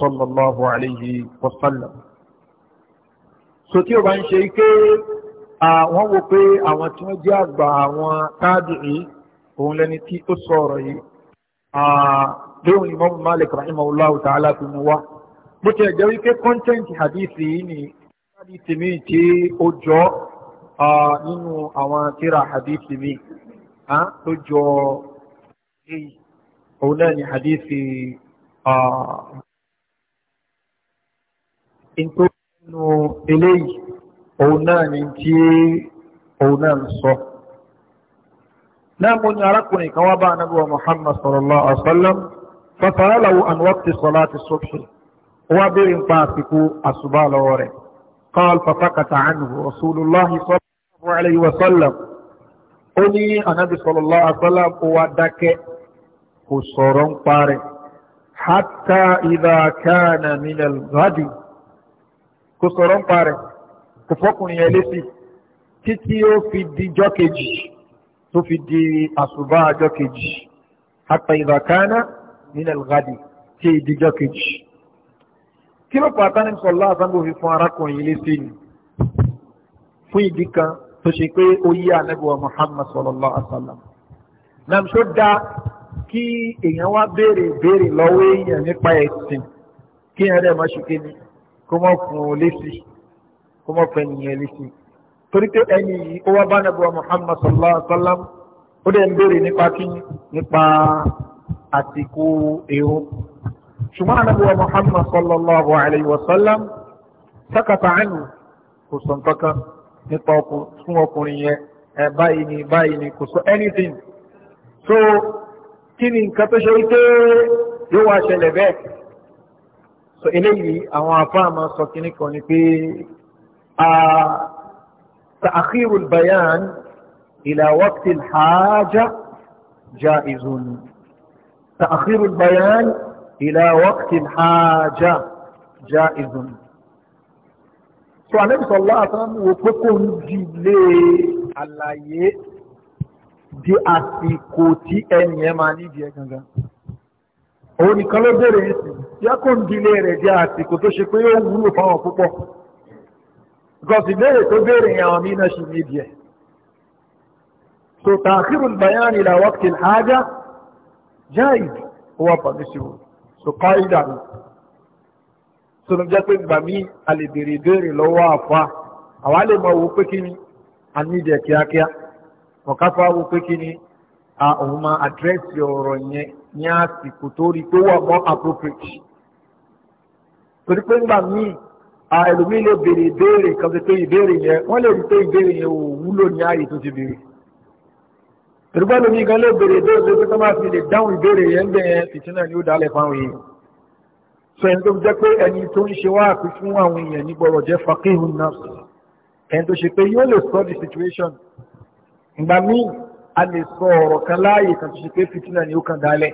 sallallahu alayhi wa sallam so tí o bá ń ṣe ike àwọn wo pé àwọn tí wọ́n jẹ́ àgbà àwọn tábìrì òun lẹni tí ó sọ ọ̀rọ̀ yìí lóhun Imam Malik rahimahullahu ta'ala fi mu wá bó ti ẹ̀jẹ̀ wípé kọ́ńtẹ́ǹtì hadithi yìí ni hadithi mi tí ó jọ nínú àwọn tíra hadithi mi tó jọ èyí òun náà ni hadithi ìtò nínú eléyìí òun náà ni tí òun náà ń sọ. náà mo ní arákùnrin kan wá bá ànábì wa Muhammad sallallahu alaihi wa sallam fatara lahu an waqti salati subhi wá béèrè ń pa àsìkò àṣùbà lọ́wọ́ rẹ̀ qala fasakata anhu rasulullah sallallahu alaihi wa sallam ó ní ànábì sallallahu alaihi wa sallam ó wá dákẹ́ kò sọ̀rọ̀ ń parẹ́ hátà ìdàkánà minal ghadi kò sọ̀rọ̀ ń parẹ́ kò fọ́kùnrin yẹn létí títí ó fi di jọ́ kejì tó fi di àsùbá jọ́ kejì hátà ìdàkánà minal ghadi tí ìdíjọ́ kejì kí ló pàtà ní sọ̀lá àtàbò fi fún arákùnrin yìí ni fún ìdí kan tó ṣe pé ó yí ànábì Muhammad sallallahu alaihi wasallam náà tó dáa kí èèyàn wá béèrè béèrè lọ́wọ́ èèyàn nípa ẹ̀sìn kí èèyàn rẹ̀ má ṣe kéde kó mọ̀ fún un lésì kó mọ̀ fún ènìyàn lésì torí pé ẹni yìí ó wá bá nàbọ̀ Muhammad sallallahu alaihi wa sallam ó dẹ̀ ń béèrè nípa kí nípa àsìkò èrò ṣùgbọ́n nàbọ̀ Muhammad sallallahu alaihi wa sallam sákàtà ànú kò sọ nǹkan kan nípa fún ọkùnrin yẹn ẹ báyìí ni báyìí ni kò sọ anything so. kí ni nǹkan tó ṣe wípé yóò wá ṣẹlẹ̀ bẹ́ẹ̀ so eléyìí àwọn àfáà máa sọ kíní kan ni pé ta'akhiru al-bayan ila waqti al-haja jaizun ta'akhiru al-bayan ila waqti al-haja jaizun so Ànábì sallallahu alaihi wasallam wò pé kò ń di lé àlàyé di àsìkò tí ẹni ẹ máa nídìí ẹ gangan òun nìkan ló bèrè ẹsìn yá kó ń dilé rẹ̀ di àsìkò tó ṣe pé yóò wúlò fáwọn púpọ̀ gọ̀sì béèrè tó bèrè yẹn àwọn mìíràn ṣì nídìí ẹ so tààkìrù bayan ila waqti al-haja jaiz huwa permissible so qaida mi so ló jẹ́ pé gbà mí a lè bèrè ìbéèrè lọ́wọ́ àfa àwa lè mọ̀ wò pé kí ni a nídìí ẹ kíákíá mọ̀káfà wo pé kí ni òun máa àdírẹ́sì ọ̀rọ̀ yẹn ní àsìkò tó rí tó wà mọ́ appropriate torí pé nígbà míì ẹlòmíì lè béèrè ìbéèrè kan tó pé ìbéèrè yẹn wọ́n lè rí pé ìbéèrè yẹn ò wúlò ní ààyè tó ti béèrè torí pé ẹlòmíì gan lè béèrè ìbéèrè tó pé tó máa fi lè dáhùn ìbéèrè yẹn bẹ́ẹ̀ yẹn fìtínà ni ó dálẹ̀ fáwọn èèyàn sọ ẹni tó jẹ́ pé ẹni tó ń ṣe wá àpè àwọn èèyàn ní gbọ́rọ̀ jẹ́ fakihun nafs ẹni tó ṣe pé yóò lè sọ the situation ìgbà míì a lè sọ ọ̀rọ̀ kan láàyè kan tó ṣe pé fitina ni ó kàn dálẹ̀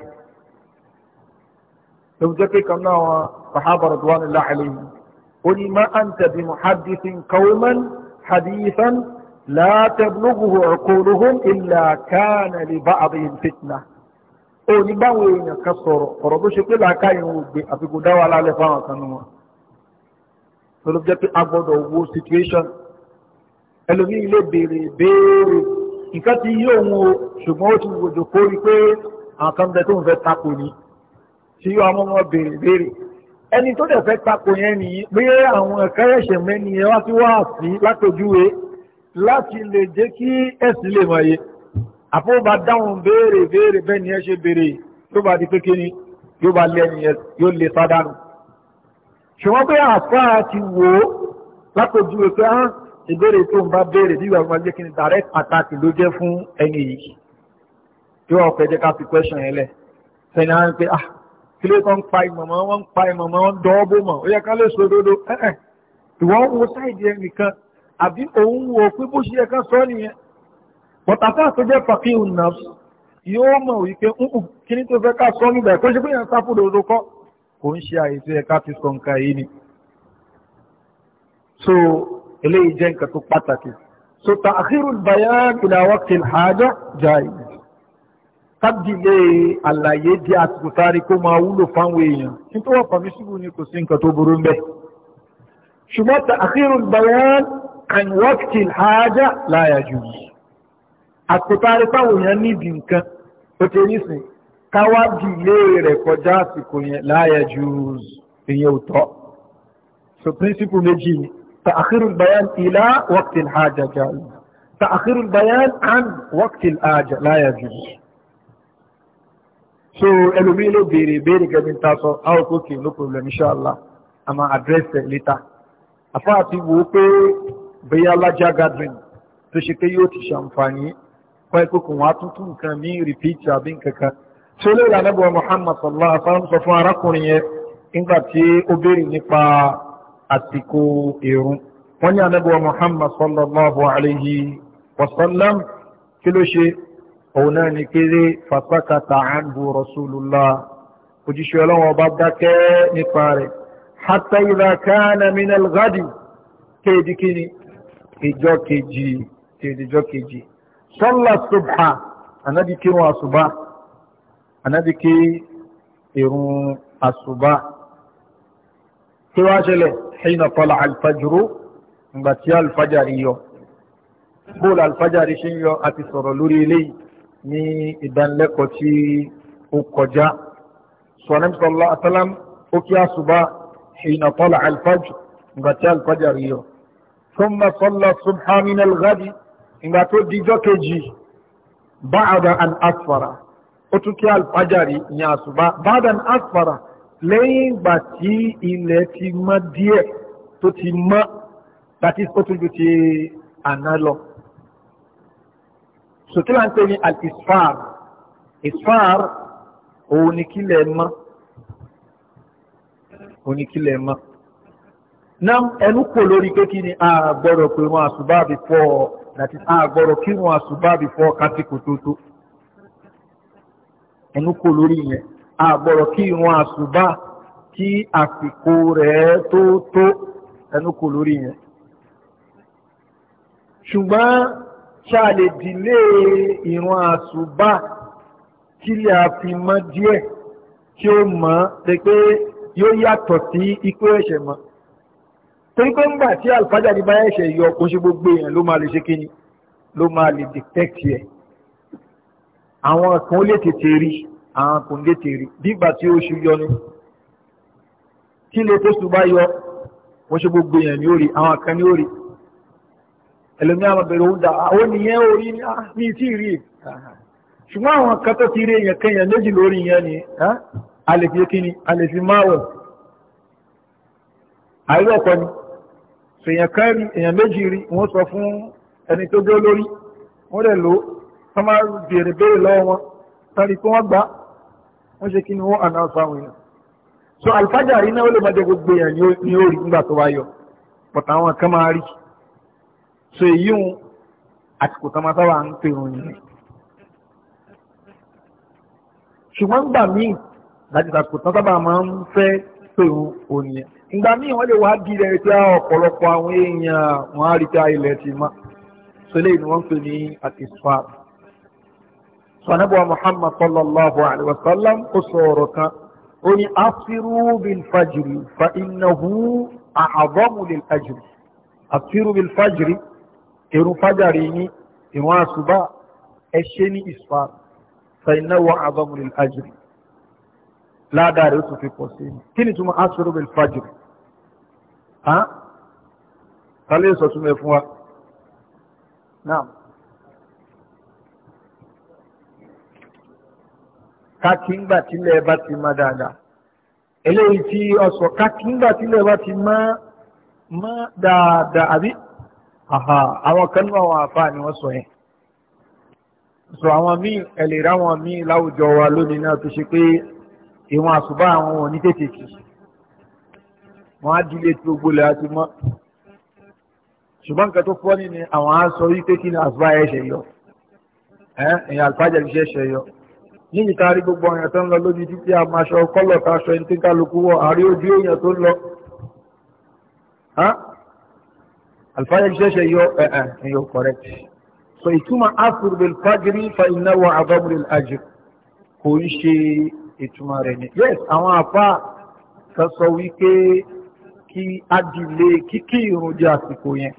lóbi jẹ́ pé kan náà wọn sahaba radwanullahi alayhim ó ní ma anta bi muhaddithin qawman hadithan la tablughuhu uquluhum illa kana li ba'dihim fitna ó ní báwo èèyàn kan sọ̀rọ̀ ọ̀rọ̀ tó ṣe pé làákàyè ń gbé àfikún dáwà lálẹ́ fáwọn kan nù wọn lóbi jẹ́ pé a wo situation ẹlòmíì lè béèrè béèrè nǹkan ti yí òun o ṣùgbọ́n ó ti wòjò kó rí pé nǹkan bẹ tó ń fẹ́ tako ni tí yóò àwọn ọmọ béèrè béèrè ẹni tó dẹ̀ fẹ́ tako yẹn nìyí pé àwọn ẹ̀ka ẹ̀ṣẹ̀ mẹ́ni yẹn wá sí wá sí látòjúwe láti lè jẹ́ kí ẹ̀sìn lè mọ̀ yẹ àfọwọ́ba dáhùn béèrè béèrè bẹ́ẹ̀ ni ẹ ṣe béèrè tó bá di kékeré yóò bá lé ẹni yóò lè sádánù ṣùgbọ́n pé àfáà ti wò ó látòjúwe pé á ah, ìbéèrè tó ń bá béèrè bí ìwà jẹ́ kí ni direct pàtàkì ló jẹ́ fún ẹni yìí tí wọ́n fẹ́ jẹ́ ká fi question yẹn lẹ̀ sẹ́ni àwọn pé ah kí ló kàn ń pa ìmọ̀mọ́ wọ́n ń pa ìmọ̀mọ́ wọ́n ń dọ́ọ́bò mọ̀ ó yẹ ká lè sọ òdodo ẹ̀ẹ́ eh, eh, ìwọ ń wo sáìdì ẹ nìkan àbí òun wo pé bó ṣe yẹ ká sọ nìyẹn pọ̀tàkà tó jẹ́ fàkíhùn náà yóò mọ̀ wípé nkùn mm, mm, kí ni tó fẹ́ ká sọ nígbà kó ṣe pé yẹn sáfù òdodo kọ́ kò ń ṣe àyè tó yẹ ká fi sọ nǹkan yìí ni. so eléyìí jẹ́ nǹkan tó pàtàkì so ta'khiru al-bayan ila waqti al-haja jaiz tábìlì àlàyé di àsìkò sáré kó máa wúlò fáwọn èèyàn nítorí wọ́n pàmí síbù ni kò sí nǹkan tó burú mbẹ́ ṣùgbọ́n ta'khiru al-bayan an waqti al-haja la yajuz àsìkò sáré fáwọn èèyàn níbi nǹkan ó ti rí sìn káwádìí ilé rẹ̀ kọjá àsìkò yẹn la yajuz ìyẹn ò tọ́ so principle méjì ni. تأخير البيان إلى وقت الحاجة جائز تأخير البيان عن وقت الحاجة لا يجوز so ẹlòmíì ló béèrè béèrè gẹ́gẹ́ ta sọ àwọn òkè no problem inshallah a máa address ẹ̀ later àfa àti wò ó pé bẹ́yà alájà gathering tó ṣe pé yóò ti ṣàǹfààní pẹ́ kókò wọn á tuntun nǹkan mí repeat àbí nǹkan kan tí ó lè rà Muhammad sallallahu alaihi wa sallam sọ fún arákùnrin yẹn nígbà tí ó béèrè nípa àsìkò ìrun wọ́n ní anábíwa muhammad sallallahu alayhi wa sallam kí ló ṣe òun náà ni kéré fasakata anhu rasulullah òjíṣẹ́ ọlọ́wọ́ ọba dákẹ́ nípa rẹ̀ hatta idha kana min al-ghadi kéèdì kíni ìjọ kejì kéèdì ìjọ kejì sọ́lá subha anábì kí wọn àṣùbá anábì kí irun àṣùbá kí wọ́n ṣẹlẹ̀ حين tọ́lá الفجر ìgbà tí alfajari yọ bóòlù alfajari ṣe ń yọ àti sọ̀rọ̀ lórí eléyìí ní ìdánilẹ́kọ̀ọ́ tí ó kọjá sọ̀nẹ́m sọ̀lá àtàlám ó kí àṣùbà hina tọ́lá alfajuru ìgbà tí alfajari yọ thumma salla subha min al-ghadi ìgbà tó dijọ́ kejì ba'da an asfara ó tún kí alfajari ní àṣùbà ba'da an asfara lẹ́yìn ìgbà tí ilẹ̀ ti mọ́ díẹ̀ tó ti mọ́ láti ó ti àná lọ. sòtìlà ń pè ní al-isfar isfar ni kílẹ̀ mọ́ òun ni kílẹ̀ mọ́ náà ẹnu kò lórí pé kí ni a gbọ́dọ̀ pé wọn àṣùbá before láti a gbọ́dọ̀ kí wọn àṣùbá before kásìkò tó tó ẹnu kò lórí yẹn àgbọ̀rọ̀ kí ìrun àsùbá kí àsìkò rẹ̀ tó tó ẹnu kò lórí yẹn ṣùgbọ́n ṣá lè dìlé ìrun àsùbá kí lè àfi mọ́ díẹ̀ tí ó mọ́ pé pé yóò yàtọ̀ sí ikú ẹ̀ṣẹ̀ mọ́ torí pé ńgbà tí alifájà ní bá ẹ̀ṣẹ̀ yọ kó ṣe gbogbo èèyàn ló máa lè ṣe kíni ló máa lè detect yẹ àwọn kan ó lè tètè rí i àwọn kòǹgẹ́tẹ̀rì bígbà tí oṣù yọ ni kí lè tóṣù bá yọ wọ́n ṣe gbogbo èèyàn ní orí àwọn kan ní orí ẹlòmí àwọn bẹ̀rẹ̀ oúnjẹ àwọn nìyẹn orí ní ah, tí rí ṣùgbọ́n àwọn kan tó ti rí èèyàn kẹyàn méjì lórí yẹn ni ah, a lè fi kíni a lè fi máwọ̀ àìlọ́kọ ni èèyàn kan rí èèyàn méjì rí wọ́n sọ fún ẹni tó dé olórí wọ́n rẹ̀ lò ó wọ́n máa béèrè béèrè lọ́wọ́ wọn tán ni wọ́n gbà á wọ́n ṣe kí ni wọ́n announce àwọn èèyàn so alifájàrí náà ó lè máa jẹ gbogbo èèyàn ní orí nígbà tó bá yọ but àwọn kan máa rí so èyí ń àsìkò tó máa sábà ń pè wọn yẹn ṣùgbọ́n gbà míì láti àsìkò tó sábà máa ń fẹ́ pè wọn òní yẹn ìgbà míì wọ́n lè wá di rẹ̀ pé ọ̀pọ̀lọpọ̀ àwọn èèyàn wọn á rí pé ilẹ̀ ti má so eléyìí ni wọ́n ń pè ní àtìsfáàrù sanabuwa muhammad sallallahu alaihi wasallam ó sọ ọ̀rọ̀ kan ó ní afiru bil fajiri fa innahu a'adhamu lil ajri afiru bil fajiri irun fajari ni irun àsùbá ẹ ṣe ní isfar fa innahu a'adhamu lil ajri ládàrí ó tún fi pọ̀ sí kí ni túmọ̀ afiru bil fajiri ha kálí ìsọ̀túnmẹ̀ fún wa náà. káàkiri ńgbà tílẹ̀ bá ti má dáadáa eléyìí tí ọ̀sọ̀ káàkiri ńgbà tílẹ̀ bá ti má dáadáa àbí àwọn kan náà àwọn àfáà ni wọ́n sọ yẹn sọ àwọn míì ẹ̀lẹ́ ráwọn míì láwùjọ wa lónìí náà tó ṣe pé ìwọ̀n àṣùbá àwọn wọn ní tètè kì wọ́n á dílé tí gbogbo lè àti mọ́ ṣùgbọ́n nǹkan tó fọ́ nínú àwọn á sọ wípé kí ni àṣùbá ẹ̀ ṣe yọ ẹ̀yìn àlùfáàjà ṣe ṣe yọ ní ìtarí gbogbo ọ̀yàn tó ń lọ lójú títí a máa ṣọ kọ́lọ̀ ká ṣọ ẹni tí kálukú wọ àrí ojú èèyàn tó ń lọ alfáyà ṣẹ̀ṣẹ̀ yọ ẹ̀ẹ̀ yóò correct so ìtumọ̀ asur bil fajiri fa innahu a'zamu lil kò ń ṣe ìtumọ̀ rẹ̀ ni yes àwọn àfa kan sọ wípé kí adìlé kíkí irun jẹ́ àsìkò yẹn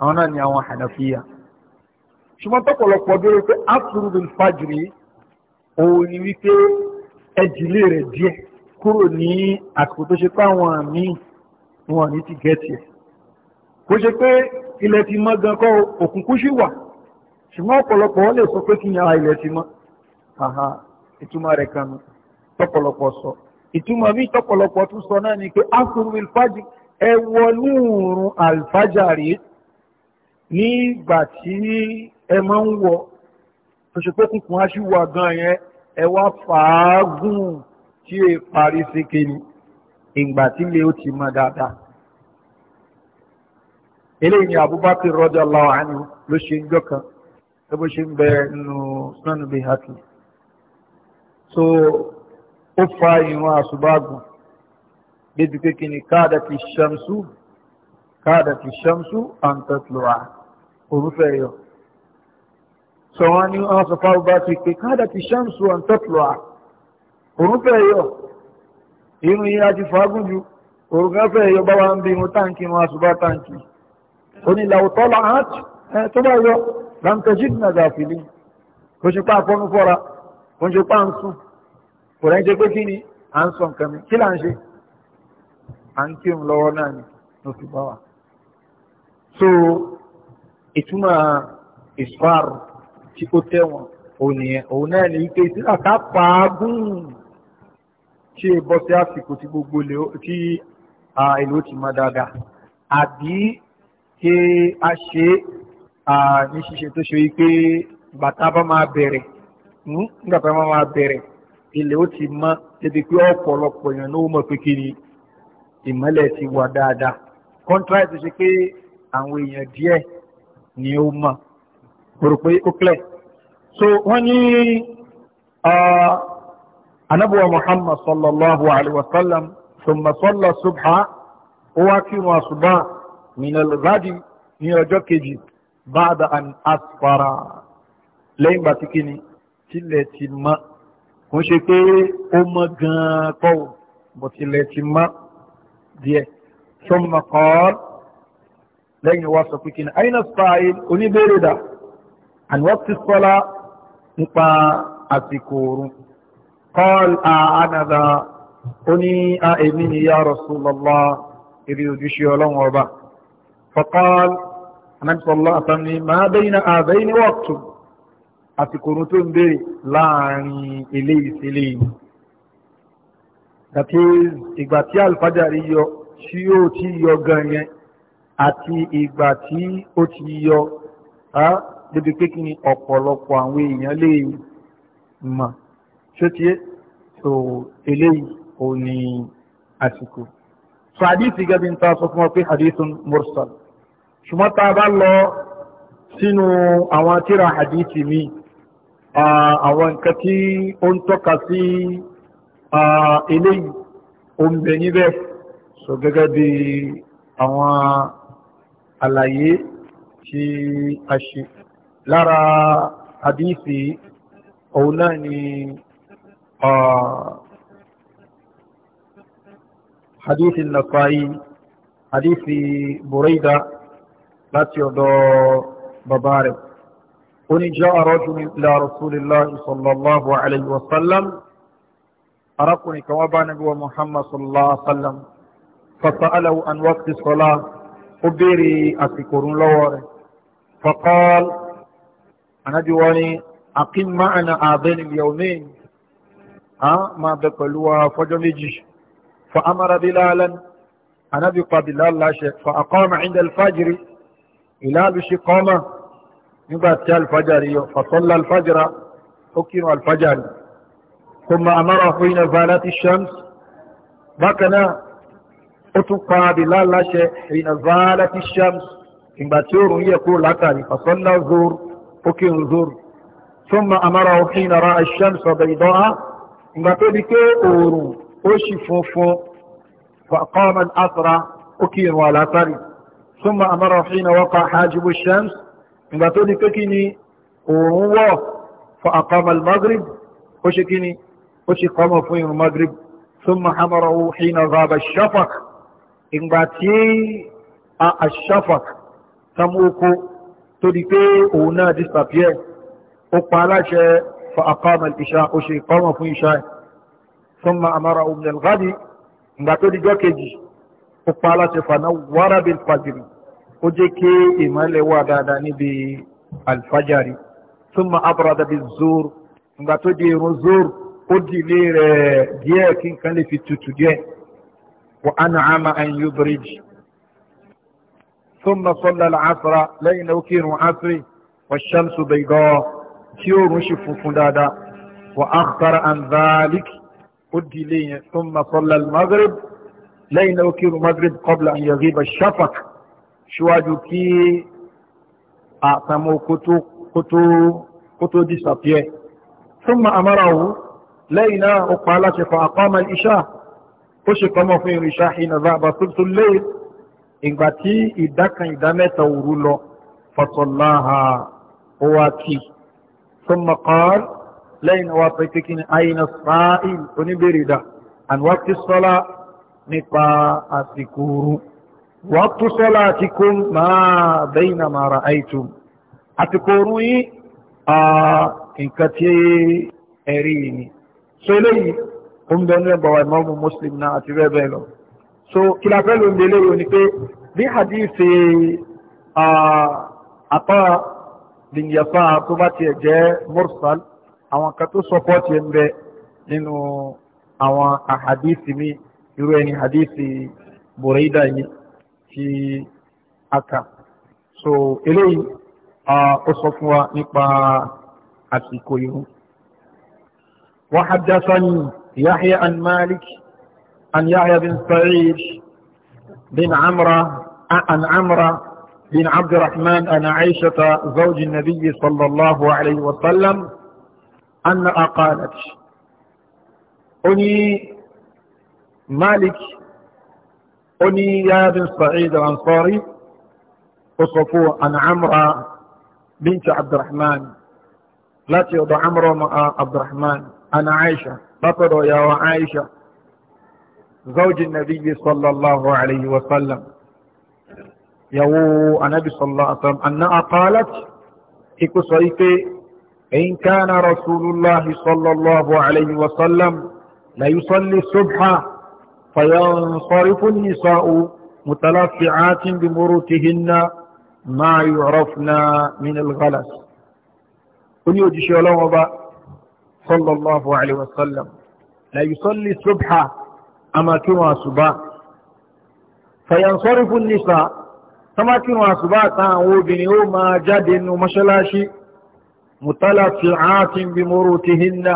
àwọn náà ni àwọn hànàfíà ṣùgbọ́n tọ́pọ̀lọpọ̀ bí wọ́n pé asur bil òun ni wípé ẹjìlé rẹ̀ díẹ̀ kúrò ní àsìkò tó ṣe pé àwọn àmì wọn ní ti gẹ̀ẹ́tì ẹ̀ kó ṣe pé ilẹ̀ ti mọ́ gan kọ́ òkùnkùn ṣì wà ṣùgbọ́n ọ̀pọ̀lọpọ̀ wọ́n lè sọ pé kí ni ara ilẹ̀ ti mọ́ àhà ìtumọ̀ rẹ̀ kan tọ́pọ̀lọpọ̀ sọ ìtumọ̀ bí tọ́pọ̀lọpọ̀ tún sọ náà ni pé asùn ìfájì ẹ wọnú òòrùn àlùfájàrí nígbà tí ẹ máa ń wọ tó ṣe pé kùnkùn á ṣì wà gan yẹn ẹ wá fàágùn tí è parí séke ni ìgbà tí lè ó ti mọ dáadáa eléyìí ni Abubakar radiyallahu anhu ló ṣe ń jọ kan tó bó ṣe ń bẹ nínú sanu bihaki so ó fa ìwọn àṣùbágùn débi pé kí ni káàdà ti ṣamsu káàdà ti ṣamsu àǹtẹ̀tìlọ́wà orúfẹ́ yọ sọ wọn ní wọn sọ fáwọn bá ti pé káàdà ti ṣàǹsù àǹtọ́tùlọ́ à òun fẹ́ yọ irun yìí àti fàágùn ju òun fẹ́ yọ bá wa ń bí irun táǹkì irun àṣùbá táǹkì onílàwòtọ́lá àti ẹ tó bá yọ láǹtẹ̀jì ní àgàfìlì kò ṣe pa àfọ́nú fọ́ra kò ṣe pa à kò rẹ́ ń ṣe pé kí ni à ń sọ nǹkan mi kí là ń ṣe à ń kírun lọ́wọ́ náà ni ló fi bá wa. so ìtumọ̀ ìsfàrù tí ó tẹ̀wọ̀n òun nìyẹn òun náà ní ike ìsílà ká pàágùn ṣe bọ́ sí àsìkò tí gbogbo tí ìlú ti mọ dáadáa àbí kí a ṣe ní ṣíṣe tó ṣe wípé bàtà bá máa bẹ̀rẹ̀ hm, nígbà tá a máa bẹ̀rẹ̀ ilẹ̀ ó ti mọ́ débi pé ọ̀pọ̀lọpọ̀ èèyàn ló mọ̀ pé kí ni ìmọ́lẹ̀ ti wà dáadáa contract ṣe pé àwọn èèyàn díẹ̀ ni ó mọ̀ mo rò so wọ́n ní anabuwa ah, muhammad sallallahu alaihi wa sallam thumma salla subha ó wá kírun àṣùbà min al-ghadi ní ọjọ́ kejì ba'da an asfara lẹ́yìn gbà tí kìíní tilẹ̀ ti mọ́ kò ṣe pé ó mọ́ gan-an kọ́wọ́ bó tilẹ̀ ti mọ́ díẹ̀ thumma qala lẹ́yìn wá sọ pé kìíní aina sa'il oníbèrè dà and what is sọ́lá nípa àsìkò oorun qal àánàdà ó ní àèmí ni ya Rasulullah ìrì ojúṣe ọlọ́run ọba faqal anábìsọ́lá àtàmì máa bayna àbẹ́yìn waqtu àsìkò oorun tó ń béèrè láàrin eléyìí sí eléyìí that is ìgbà tí alfajari yọ tí ó ti yọ gan yẹn àti ìgbà tí ó ti yọ débi pé kí ni ọ̀pọ̀lọpọ̀ àwọn èèyàn lè mọ̀ ṣótíyé tó eléyìí ò ní àsìkò so hadith gẹ́gẹ́ ń ta sọ fún wa pé hadithun mursal ṣùgbọ́n tá a bá lọ sínú àwọn tíra hadith mi àwọn nǹkan tí ó ń tọ́ka sí eléyìí ó ń bẹ níbẹ̀ so gẹ́gẹ́ bí àwọn àlàyé tí a ṣe lára hadithi òun náà ni hadithi nasa'i hadithi buraida láti ọ̀dọ̀ bàbá rẹ̀ ó ní jẹ́ àrọ́jù ila rasulillah sallallahu alayhi wa sallam arákùnrin kan wá bá nàbí wa muhammad sallallahu alayhi wa sallam fasa'alahu an waqti salah ó béèrè àsìkò rún lọ́wọ́ rẹ̀ faqal ànábi wọn ni akim ma'ana abẹ́ni yawmin a máa bẹ pẹ̀lú wa fọjọ́ méjì fa amara bilalan ànábi pa bilal láṣẹ fa aqama inda alfajiri ìlàlù ṣe kọ́mà nígbà tí alfajari yọ fa alfajira ó kírun alfajari ثم أمره حين زالت الشمس بكنا أتقى بلال شيء حين زالت الشمس إن باتور يقول لك فصلى الظهر òkè òzòr thumma amarahu hina ra'a ash-shamsa bayda'a ìgbà tó di pé oòrùn ó sì funfun faqama al-asra òkè ìrùn àlátàrí thumma amarahu hina waqa'a hajibu ash-shams ìgbà tó di pé kí ni oòrùn wọ̀ faqama al-maghrib ó ṣe kí ni ó ṣe kọ́mọ̀ fún ìrùn maghrib thumma amarahu hina ghaba ash-shafaq ìgbà tí a ash-shafaq tamoko tó di pé òun náà disappear ó pa aláṣẹ fa aqama al-isha ó ṣe ìkọ́mọ̀ fún ìṣá thumma amara min al-ghadi ìgbà tó dijọ́ kejì ó pa aláṣẹ fa nawwara bil-fajri ó jẹ́ kí ìmọ̀lẹ̀ wà dáadáa níbi alfajari thumma abrada biz-zuhr ìgbà tó di irun zuhr ó di ilé rẹ̀ díẹ̀ kí nǹkan lè fi tutù díẹ̀ wa an'ama an yubrij ثم صلى العصر لين وكين عصر، والشمس بيضاء تيور شفوف دادا وأخطر عن ذلك أدي ثم صلى المغرب لين وكين مغرب قبل أن يغيب الشفق شواجكي أعتمو كتو كتو كتو دي ثم أمره لين أقالت فأقام الإشاء فشق في الإشاء حين ذهب ثلث الليل ìgbà tí ìdá kan ìdá mẹ́ta òru lọ fasọláha ó wá kí summa qal lẹ́yìn náà wá pé pé kí ni àyìnà sáàìl oníbèrè dà and wá ti sọ́lá nípa àsìkò òru wá tó sọ́lá àti kó máa bẹ́yìn náà màrà àìtùm àsìkò òru yìí nǹkan tí ẹ̀rí ni so eléyìí ní ẹgbàá wa Imamu so kìlàfẹ́ ló ń délé yóò ní pé bí hadithi àpá bìnyàfà tó bá tiẹ̀ jẹ́ mursal àwọn kan tó sọpọ́tì ẹ̀ ń bẹ nínú àwọn hadithi mi irú ẹni hadithi bùrẹ́dà yìí ti aka so eléyìí ó sọ fún wa nípa àsìkò yìí wọ́n hajjá sani yahya عن يحيى بن سعيد بن عمرة عن عمرة بن عبد الرحمن أن عائشة زوج النبي صلى الله عليه وسلم أن قالت أني مالك أني يا بن سعيد الأنصاري وصفوه عن عمرة بنت عبد الرحمن لا تيض عمرة مع عبد الرحمن أنا عائشة لا يا عائشة زوج النبي صلى الله عليه وسلم يو النبي صلى الله عليه وسلم أنها قالت إكو إن كان رسول الله صلى الله عليه وسلم لا يصلي الصبح فينصرف النساء متلفعات بمروتهن ما يعرفنا من الغلس قل يوجي شلوه صلى الله عليه وسلم لا يصلي الصبح a máa kírun àṣùbà fàyànsọ́rífù nìṣà tọ́má kírun àṣùbà táwọn obìnrin ó máa jáde nínú mọ́ṣáláṣí mùtálà fi ààtìn bí mórò hinna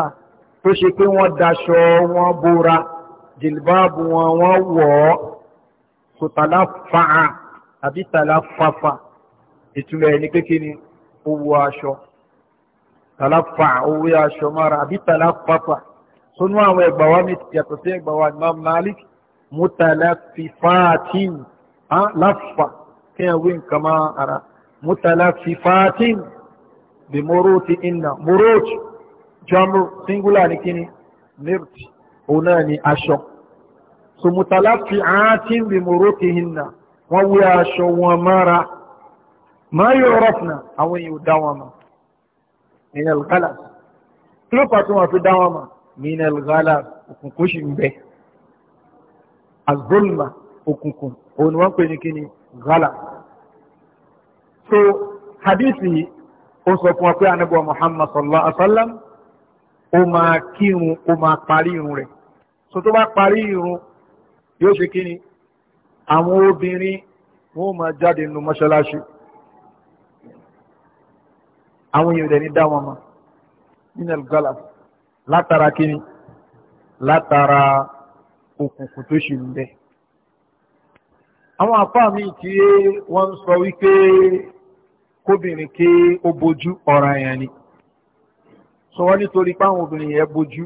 tó ṣe pé wọ́n daṣọ wọn bóra jìlbáàbù wọn wọ́n wọ̀ ọ́ kò tàlá fàá àbí tàlá fàfà ìtumọ̀ ẹ̀ ní kékeré owó mara àbí tàlá sunu àwọn ẹgbà wa mi yàtọ̀ sí ẹgbà wa Imam Malik mutalafifaatin láfà kí ẹ wí nǹkan máa ara mutalafifaatin bí moroti inna moroti jamru singular ni kíni mirti òun náà ni aṣọ so mutalafifaatin bí moroti inna wọ́n wí aṣọ wọn mára máa yóò rọ́fnà àwọn èèyàn dá wọn mọ̀ èèyàn kálá kí ló pàtó wọn fi dá wọn mọ̀ minal ghala òkùnkùn sì ń bẹ azulma òkùnkùn òun ni wọ́n pè ní kíni ghala so hadithi ó sọ fún wa pé anabuwa muhammad sallallahu alaihi wa sallam ó máa kírun ó máa parí irun rẹ̀ so tó bá parí irun yóò ṣe kí ni àwọn obìnrin wọn ó máa jáde nínú mọ́ṣáláṣí àwọn èèyàn dẹ̀ ní dá wọn mọ́ nínú látara kíni látara òkùnkùn tó ṣì ń bẹ àwọn àfáà mi tí wọ́n ń sọ wípé kóbìnrin ké ó bójú ọ̀ràn yẹn ni sọ wọ́n nítorí páwọn obìnrin yẹn bójú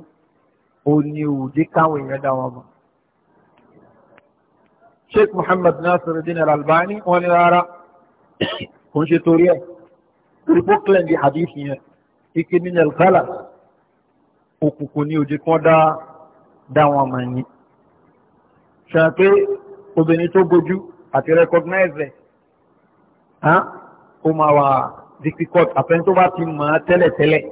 ó ní òde káwọn èèyàn dá wọn mọ̀ sheikh muhammad nasiruddin al-albani wọ́n ní rárá kò ń ṣe torí ẹ̀ torí pókílẹ̀ ní hadith yẹn ike nínú al òkùnkùn ní ojú kí dá dá wọn mọ̀ ní. ṣàwọn pé obìnrin tó bojú àti recognize ẹ̀ ó máa wà difficult àfẹn tó bá ti mọ̀ ọ́ tẹ́lẹ̀tẹ́lẹ̀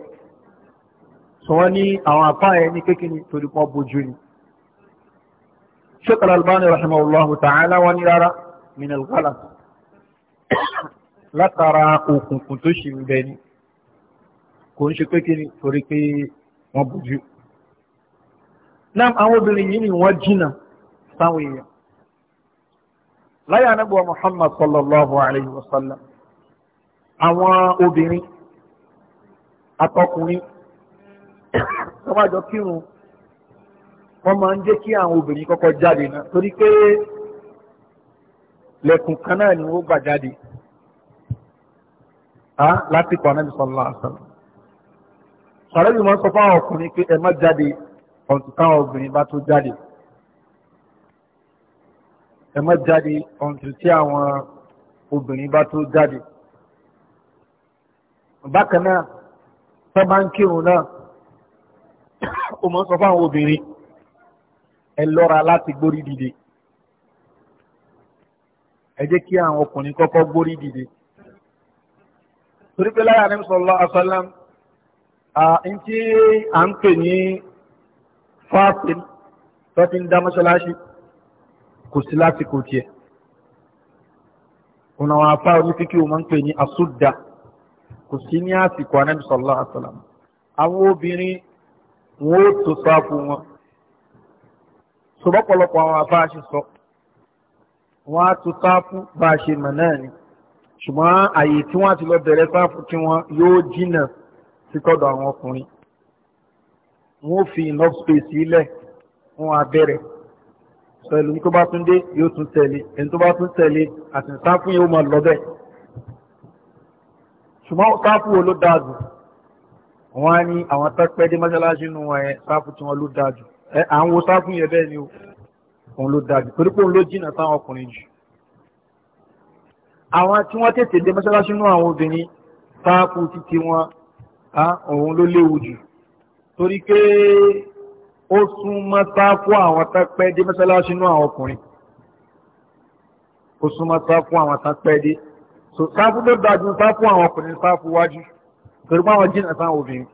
sọ wọ́n ní àwọn apá ẹ̀ ní kékeré torí wọ́n bojú ni. Sheikh Al-Albani rahimahullahu ta'ala wọ́n ní rárá min al-ghalat látara òkùnkùn tó ṣì ń bẹ ni kò ń ṣe wọ́n bójú. náà àwọn obìnrin yìí ni wọ́n jìnnà sáwọn èèyàn. láyé anábọ̀ Muhammad sallallahu alayhi wa sallam àwọn obìnrin àtọkùnrin sọ́wájọ kírun wọ́n máa ń jẹ́ kí àwọn obìnrin kọ́kọ́ jáde náà torí pé lẹ́kùn kan náà ni wọ́n gbà jáde ah, lásìkò anábì sallallahu alayhi wa sallam sàrẹ́bì máa ń sọ fáwọn ọkùnrin pé ẹ má jáde ọ̀ǹtí táwọn obìnrin bá tó jáde ẹ má jáde ọ̀ǹtí tí àwọn obìnrin bá tó jáde bákan náà tó bá ń kírun náà ó máa ń sọ fáwọn obìnrin ẹ lọ́ra láti gbórí dìde ẹ jẹ́ kí àwọn ọkùnrin kọ́kọ́ gbórí dìde torí pé láyà ní sọ̀rọ̀ àṣàlám n tí a ń pè ní fásin tó ti ń dá mọ́ṣáláṣí kò sí lásìkò tiẹ̀ ọ̀nà àwọn afá onífíkì wọn ń pè ní asúdà kò sí ní àsìkò anábì sallallahu alaihi wasallam àwọn obìnrin wọn ó tó wa wọn ṣùgbọ́pọ̀lọpọ̀ àwọn afá ṣe sọ wọn á tó sáfù bá a ṣe mọ̀ náà ṣùgbọ́n àyè tí wọ́n ti lọ bẹ̀rẹ̀ sáfù tí wọ́n yóò jìnnà sí tọ́dọ̀ àwọn ọkùnrin wọ́n fi enough space sílẹ̀ fún abẹ́rẹ́ sọ ẹlòmí tó bá tún dé yóò tún tẹ̀lé ẹni tó bá tún tẹ̀lé àti sáfù yóò máa lọ bẹ́ẹ̀ ṣùgbọ́n sáfù wo ló dáa jù wọ́n á ní àwọn tẹ́pẹ́ dé mọ́ṣáláṣí nù wọn yẹn sáfù tí wọ́n ló dáa jù ẹ à ń wo sáfù yẹn bẹ́ẹ̀ ni òun ló dáa jù torí pé òun ló jìnnà táwọn ọkùnrin jù àwọn tí wọ́n tètè dé mọ́ṣáláṣí nù àwọn obìnrin sáfù títí wọn á òun ló léwu jù torí pé ó sún mọ́sáfù àwọn tápẹ́ dé mọ́sálásí inú àwọn ọkùnrin ó sún mọ́sáfù àwọn tápẹ́ dé so sáfù tó dájú sáfù àwọn ọkùnrin sáfù wájú torí pé àwọn jìnnà sáwọn obìnrin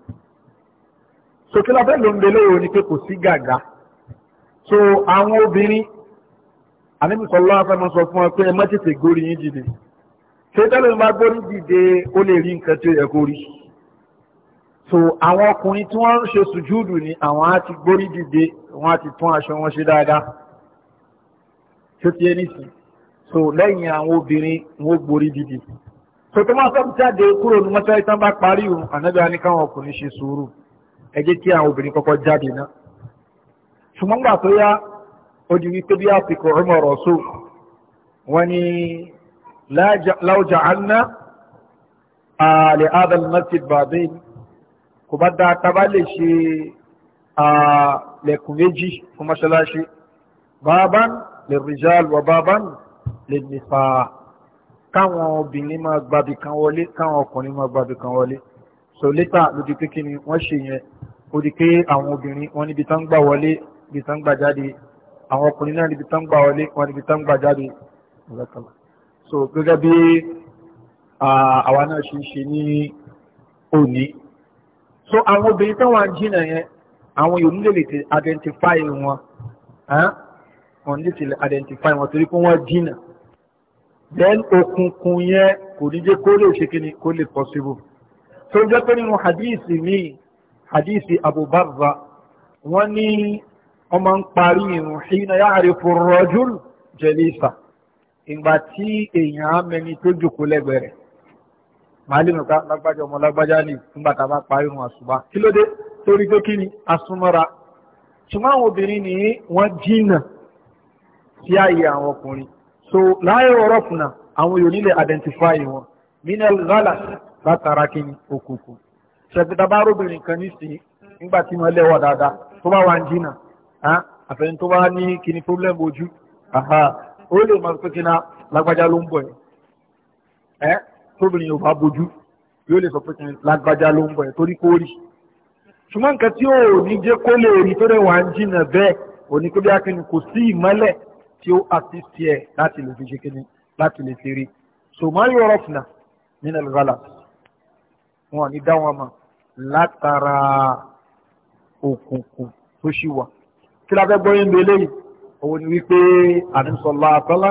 so kí lábẹ́ ló ń belé o ni pé kò sí gàgà so àwọn obìnrin àníbìsọ̀lọ́ afẹ́mọ́ sọ fún ọ pé ẹ má tètè gorí yín dìde ṣé tẹ́lẹ̀ ń bá gorí dìde ó lè rí nǹkan tí yẹ kó rí so àwọn ọkùnrin tí wọ́n ń ṣe sùjúdù ni àwọn á ti gbórí dìde wọ́n á ti tún aṣọ wọn ṣe dáadáa tó ti ẹni sìn so lẹ́yìn àwọn obìnrin wọ́n gbórí dìde so tó máa sọ́kù jáde kúrò ní mọ́ṣáláṣí tán bá parí òun ànábẹ́ wa ní káwọn ọkùnrin ṣe sùúrù ẹ jẹ́ kí àwọn obìnrin kọ́kọ́ jáde náà ṣùgbọ́n gbà tó yá ó wípé bí àsìkò Umar Rasul wọ́n ní law ja'alna li hadha al-masjid bàbá yìí kò bá dáa tá a bá lè ṣe lẹ̀kùn méjì fún mọ́ṣáláṣí bàbán lè rìjàl wà bàbán lè nìfà káwọn obìnrin máa gbàbí kan wọlé káwọn ọkùnrin máa gbàbí kan wọlé so létà ló di pé kí ni wọ́n ṣe yẹn ó di pé àwọn obìnrin wọ́n níbi tán gbà wọlé níbi tán gbà jáde àwọn ọkùnrin náà níbi tán gbà wọlé wọ́n níbi tán gbà jáde so gẹ́gẹ́ bí àwa náà ṣe ń ṣe ní òní so àwọn obìnrin tó wà ń jìnnà yẹn àwọn yòówù lè lè ti identify wọn ah, wọn lè ti identify wọn torí pé wọ́n jìnnà then òkùnkùn yẹn kò ní jẹ́ kó lè ṣe kí ni kó lè possible tó jẹ́ pé nínú hadisi míì hadisi Abu Barza wọ́n ní ọmọ ń parí ìrùn hina ya'rifu ar-rajul jalisa ìgbà tí èèyàn á mẹni tó jòkó lẹ́gbẹ̀ẹ́ rẹ̀. màálìmù ká lágbájá ọmọ lágbájá ni nígbà tá a bá parí wọn àṣùbà kí ló dé torí pé kí ni asúnmọ́ra ṣùgbọ́n àwọn obìnrin ni àwọn ọkùnrin so láàyè ọ̀rọ̀ fúnà àwọn yòó nílẹ̀ identify wọn minel rala látara kí ni òkùnkùn bá róbìnrin kan nígbà tí wọ́n lẹ́wọ̀ dáadáa tó bá wà ń jìnnà tó bá ní kí ni ojú ó lè tóbìnrin ò bá bojú yóò lè sọ pé kìnìún lágbájá ló ń bọ̀ ẹ̀ torí kó rí ṣùgbọ́n nǹkan tí ò ní jẹ́ kó lè rí tó rẹ̀ wá ń jìnà bẹ́ẹ̀ ò kó bí akínní kò sí ìmọ́lẹ̀ tí ó àtìsí ẹ̀ láti lè fi ṣe kínní láti lè fi rí so máa yọ ọ̀rọ̀ nínú ìgbàlá wọn ní dá wọn mọ̀ látara òkùnkùn tó ṣì wà kí la fẹ́ gbọ́ yín lé lẹ́yìn òun ni wípé àdìsọ́lá àtọ́lá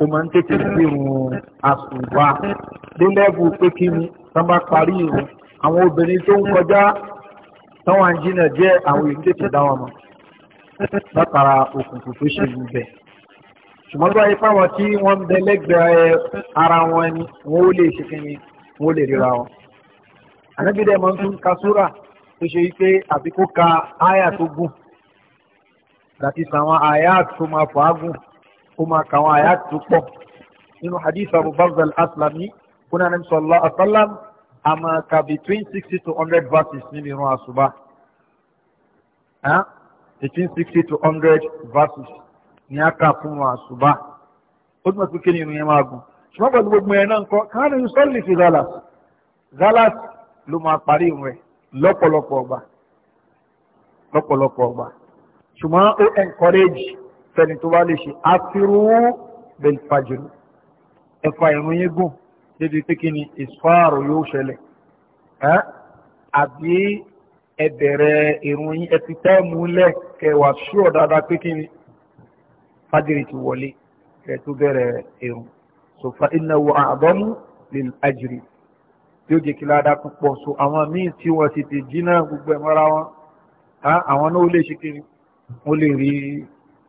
ó máa ń tètè sí irun àsùnwà délẹ́bù pé kí ni tán bá parí irun àwọn obìnrin tó ń kọjá táwọn àjìnà jẹ́ àwọn èyí tètè dá wọn mọ̀ látara òkùnkùn tó ṣe lù bẹ̀. ṣùgbọ́n báyìí fáwọn tí wọ́n ń bẹ lẹ́gbẹ̀ẹ́ ara wọn ni wọ́n ó lè ṣe kí wọ́n ó lè ríra wọn. ànábìdẹ́ máa ń tún ka súrà tó ṣe wípé àbí ka áyà tó gùn àti sàwọn àyà tó máa fàágùn ó máa kà àwọn àyà tó pọ̀ nínú hadith abu bakr al-aslami kúnà ní sọlá asalam a máa kà between sixty to hundred verses níbi irun àṣùbà between sixty to hundred verses ní a kà fún wọn àṣùbà ó dùn pé kí ni irun yẹn máa gùn ṣùgbọ́n pẹ̀lú gbogbo ẹ̀ náà nǹkan káàdì ń sọ́ọ̀lì fi galas galas ló máa parí irun rẹ̀ lọ́pọ̀lọpọ̀ ọgbà lọ́pọ̀lọpọ̀ ọgbà ṣùgbọ́n ó encourage fẹ́ni tó bá lè ṣe afiru belfajiri ẹ̀fà ìrun yín gùn débi pé ni ìsfáàrò yóò ṣẹlẹ̀ àbí ẹ̀bẹ̀rẹ̀ ìrun yín ẹ̀fì táìmù lẹ̀ kẹwàá ṣúọ̀ dáadáa pé kí ni fajiri ti wọlé kẹ bẹ̀rẹ̀ ìrun so fa innahu a'zamu lil ajri yóò jẹ́ kí ládàá púpọ̀ so àwọn míì tí wọ́n ti ti jìnnà gbogbo ẹ̀mọ́ra wọn àwọn náà ó lè ṣe kí ni lè rí i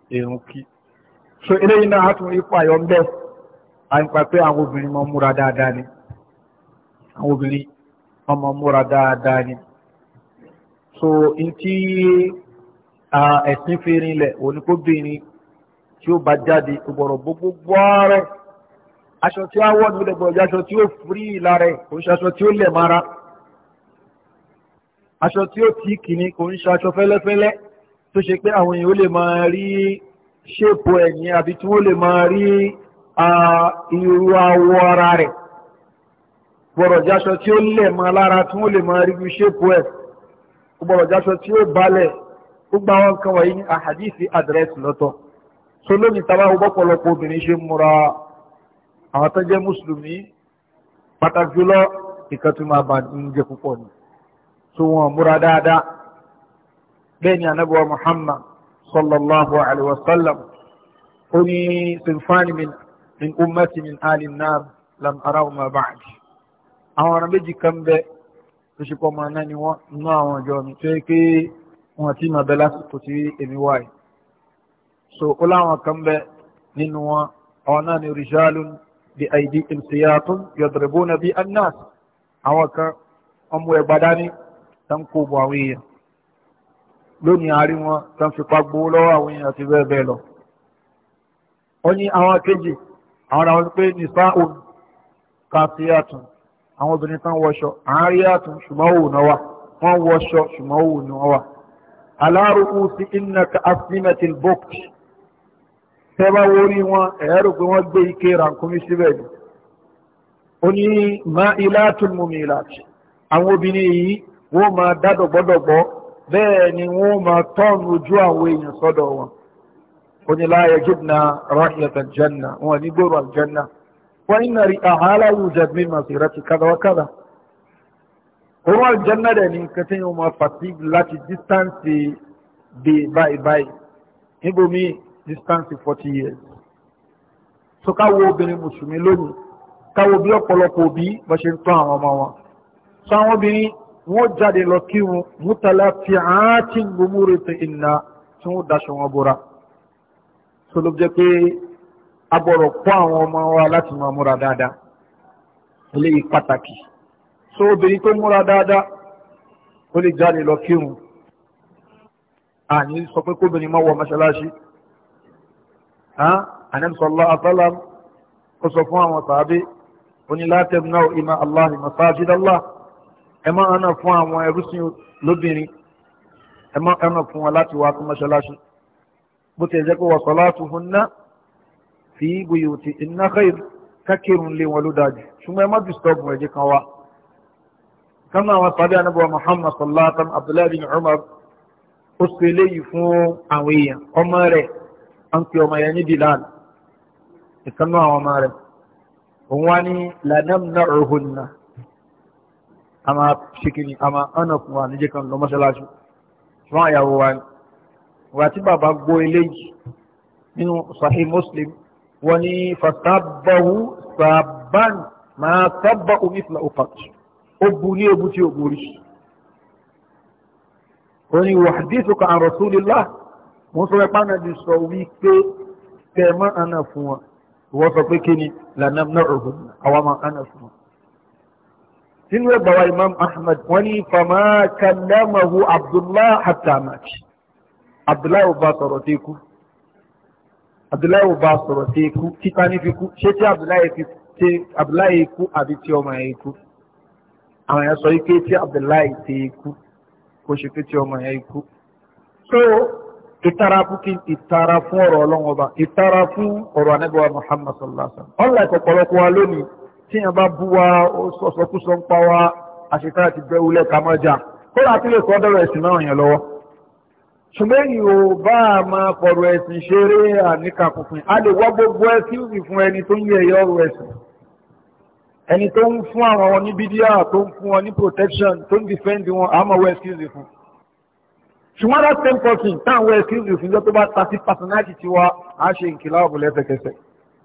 irun kí so eléyìí náà á tún ipò àyọ̀ ń bẹ̀ àyìnpá pé àwọn obìnrin máa múra dáadáa ni àwọn obìnrin ọmọ múra dáadáa ni so ntí ẹ̀sìn fi rinlẹ̀ oníkóbìnrin tí ó bá jáde gbọ́dọ̀ gbogbo ààrẹ aṣọ tí a wọ̀ ní ilẹ̀ gbọ́dọ̀ aṣọ tí ó firi lára ẹ̀ kò ń ṣe aṣọ tí ó lẹ̀ mara aṣọ tí ó tì kìíní kò ń ṣe aṣọ fẹ́lẹ́fẹ́lẹ́ tó ṣe pé àwọn èèyàn ó lè máa rí ṣéèpù ẹ̀yìn àbí tí wọ́n lè máa rí irú awọ ara rẹ̀ gbọ́dọ̀ jáṣọ tí ó lẹ̀ mọ́ lára tí wọ́n lè máa rí irú ṣéèpù ẹ̀ gbọ́dọ̀ jáṣọ tí ó balẹ̀ gbogbo àwọn nǹkan wọ̀nyí ní àhàdíìsì àdírẹ́sì lọ́tọ̀ so lónìí tàbá ọ̀pọ̀lọpọ̀ obìnrin ṣe múra àwọn tó jẹ́ mùsùlùmí pàtàkì jùlọ ìkàtúmọ̀ àbànújẹ́ púpọ̀ ni so wọn múra dáadáa بين نبوة محمد صلى الله عليه وسلم قني صنفان من من أمتي من آل النار لم أرهما بعد أو أنا بيجي كم بي تشيكو ماناني و نوا جوني تيكي واتي ما بلاس تتي إمي واي سو أولا وكم بي ننوا أوناني رجال بأيدي انسياط يضربون بي أو أمو يبداني تنكوب وويه lónìí àárí wọn tán fipá gbowó lọ́wọ́ àwọn èèyàn àti bẹ́ẹ̀ bẹ́ẹ̀ lọ. ó ní àwọn kejì àwọn ará wọn pé nìfà òun kàtí àtún àwọn obìnrin tán wọṣọ àárí àtún ṣùgbọ́n òun náà wà wọ́n wọṣọ ṣùgbọ́n òun náà wà. alárùkù sí innaka aslimatil bokt tẹ́ bá wórí wọn ẹ̀rù pé wọ́n gbé ike rànkúmí síbẹ̀ ni oní ma ilátùn mumilati àwọn obìnrin yìí wọ́n máa dádọ̀gbọ́dọ̀gbọ́ bẹ́ẹ̀ ni wọ́n máa tọ́nu ojú àwọn èèyàn sọ́dọ̀ wọn ó ní láàyè jìbìnà ráhìyàtà janna wọn ní gbòòrò aljanna wọn iná rí àhálà yujad min masirati kada wa kada òun aljanna dẹ̀ ní nǹkan tí wọ́n máa fatigue láti distance dé báyìí báyìí níbomi distance forty years so káwọ obìnrin mùsùlùmí lónìí káwọ bí ọ̀pọ̀lọpọ̀ òbí bá ṣe ń tọ́ àwọn ọmọ wọn so àwọn obìnrin wọ́n jáde lọ kírun mútàlá fi àátí gbogbo tó iná tí wọ́n daṣọ wọn bóra tó ló jẹ́ pé abọ̀rọ̀ kọ́ àwọn ọmọ wa láti máa múra dáadáa eléyìí pàtàkì tó obìnrin tó múra dáadáa ó lè jáde lọ kírun àní sọ pé kóbìnrin máa wọ mọ́ṣáláṣí Ànábì sallallahu alaihi wasallam ó sọ fún àwọn sàábé onílátẹ̀mù náà ìmọ̀ Allah masajidallah ẹ máa ń nà fún àwọn ẹrúsìn lóbìnrin ẹ máa ń nà fún wọn láti wá sí mọ́ṣáláṣí bó ti jẹ́ pé wọ́n sọ láti fún ná fi buyuti inna khair kákérùn lé wọn ló dájú ṣùgbọ́n ẹ má disturb ẹ̀jẹ̀ kan wá kama àwọn sàbí anábọ̀ muhammad sallallahu abdullahi bin umar ó sọ eléyìí fún àwọn èèyàn ọmọ rẹ̀ à ọmọ yẹn ní bilal ìkànnú àwọn ọmọ rẹ̀ òun wá ní lanam na òhun náà a máa ṣe kí ni a máa ọ̀nà fún wa níjẹ́ kan lọ mọ́ṣáláṣí fún àyàwó wa ni wà tí bàbá gbọ́ eléyìí nínú sahih muslim wọ́n ní fasabahu saban máa sábà omi fìlà òfàtì ó bu ní ebu tí ó borí ó ní wàhádìsù kan an rasulillah mo sọ ẹpá náà di sọ wípé tẹ̀ mọ́ àná fún wọn wọ́n sọ pé kí lànà náà ọ̀hún àwọn máa fún wọn sínú ẹgbà wa imam ahmed wọ́n ní fama kalamahu abdullah hatamat abdullah ò bá sọ̀rọ̀ sí ikú abdullah ò bá sọ̀rọ̀ sí ikú kíkà ní fi kú ṣé tí abdullah ikú àbí tí ọmọ ẹ̀ ikú àwọn èèyàn sọ wípé tí abdullah ti ikú kò ṣe pé tí ọmọ ẹ̀ ikú so ìtara fún kí ìtara fún ọ̀rọ̀ ọlọ́wọ́ba ìtara fún ọ̀rọ̀ anábẹ́wà muhammad sallallahu alaihi wa sallam ọ̀la ìkọ̀kọ̀lọ́kọ̀ wa lónìí tíyàn bá bú wa ó sọ̀sọ̀kúsọ ń pa wa àṣetá àti bẹ́wulẹ̀ ká má jà kó láti lè sọ ọ́dọ̀rọ̀ ẹ̀sìn náà yẹn lọ́wọ́ ṣùgbọ́n èyí ò bá a máa pọ̀rọ̀ ẹ̀sìn ṣeré àníkàkùnfin a lè wá gbogbo ẹ̀sìn òsì fún ẹni tó ń yẹ ẹ̀yọ́ ọ̀rọ̀ ẹ̀sìn ẹni tó ń fún àwọn wọn ní bídíà tó ń fún wọn ní protection tó ń defend wọn àmọ́ wọ ẹ̀sìn òsì fún ṣùgbọ́n that same person táwọn ẹ̀sìn òsì fún jọ tó bá ta personality tiwa a ṣe ìkìlá ọ̀bùn lẹ́sẹ̀kẹsẹ̀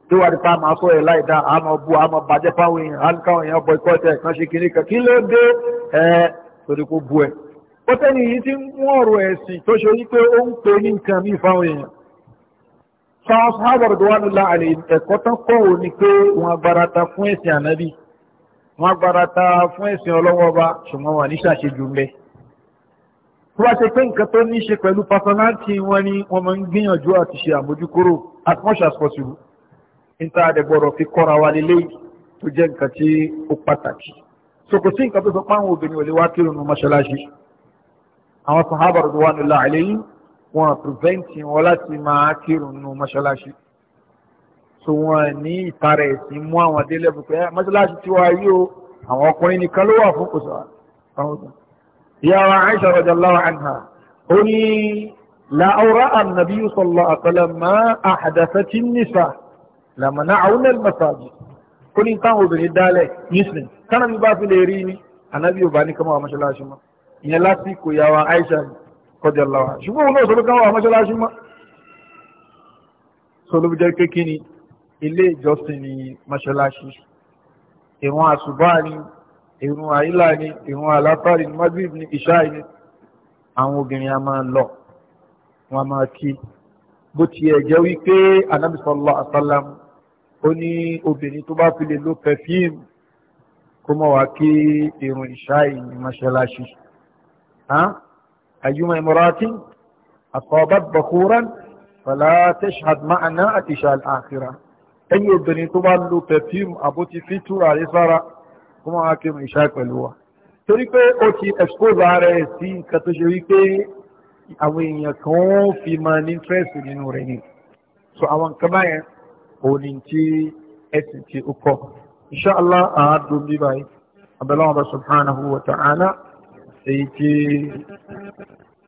tí wà ní pa máa sọ ẹ̀ láìdá àmọ́ bu àmọ́ bàjẹ́ fáwọn èèyàn àǹkáwọn èèyàn boycott ẹ̀ kan ṣe kìnnìkan kí ló dé ẹ̀ torí kó bu ẹ̀ ó tẹ́ni yìí ti ń mú ọ̀rọ̀ ẹ̀sìn tó ṣe wípé ó ń pè ní nǹkan míì fáwọn èèyàn sáwọn sábàrù tó wà ní láàrin ẹ̀kọ́ tán kọ́ ò ní pé wọ́n agbára ta fún ẹ̀sìn ànábì wọ́n agbára ta fún ẹ̀sìn ọlọ́wọ́ ọba ṣùgbọ́n wà ní ṣàṣejù mẹ́ tó bá ṣe pé nǹkan tó ní ṣe pẹ̀lú personality wọn ni wọ́n máa ń gbìyànjú àti ṣe àmójúkúrò as much as possible níta àdẹ̀gbọ̀rọ̀ fi kọ́ra wa lélẹ́ yìí tó jẹ́ nǹkan tí ó pàtàkì so kò sí nǹkan tó sọ pé àwọn obìnrin ò lè wá kírun ní mọ́ṣáláṣí àwọn sàhábà radwanullahi alayhim wọn pìrìvẹ́ǹtì wọn láti máa kírun ní mọ́ṣáláṣí so wọn ní ìtara ẹ̀sìn mú àwọn délẹ̀ pé ah, mọ́ṣáláṣí tí wàá yí o àwọn ọkùnrin nìkan ló wà fún kò sọ ìyá wa Aisha radiyallahu anha ó ní la awra an-nabiy sallallahu alaihi wa sallam ma ahdathat an làmànà àwọn ẹlẹ́mọ̀sáàjì kó ní táwọn obìnrin dálẹ̀ nísìn tánà mi bá fi lè rí ni ànábì ò bá ní kọ́mọ́ àwọn mọ́ṣáláṣí mọ́ ìyẹn lásìkò ìyàwó Aisha kọjá lọ́wọ́ ṣùgbọ́n òun náà sọ pé káwọn àwọn mọ́ṣáláṣí mọ́ sọ ló fi jẹ́ pé kí ni ilé ìjọsìn ni mọ́ṣáláṣí ìrun àṣùbá ni ìrun àyílà ni ìrun àlátàrí ni magrib ni ìṣá ni àwọn obìnrin a máa lọ wọn a máa kí bó tiẹ̀ jẹ́ wípé anábì sallallahu alaihi wasallam ó ní obìnrin tó bá fi lè lo perfume kó mọ̀ wá kí irun ìṣá ìyìn mọ́ṣáláṣí àyùmọ̀ ìmọ̀ràtí àtọ̀ọ̀bá bàkúrán fàlá tashhad ma'ana àtìṣà àkìrà ẹ̀yìn obìnrin tó bá lo perfume àbótí fítúrà rí sára kó mọ̀ wá kí irun ìṣá pẹ̀lú wa torí pé ó ti expose ara ẹ̀ sí nǹkan tó ṣe wípé àwọn èèyàn kan ó fi máa ní interest nínú rẹ̀ ni so àwọn nǹkan báyẹn òun ni tí ẹ̀sìn ti kọ́ insha Allah àádùn bí báyìí abẹ́láwọn bá subhanahu wa ta'ala èyí tí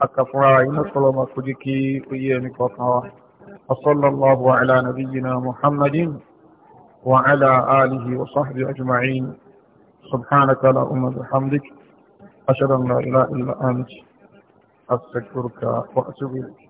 akàfúnra iná sọlọ ma kó jẹ́ kí ó yé ẹni kọ̀ọ̀kan wa wasallallahu ala nabiyyina muhammadin wa ala alihi wa sahbihi ajma'in subhanaka la umma bihamdik ashhadu an la ilaha illa anta astaghfiruka wa atubu ilayk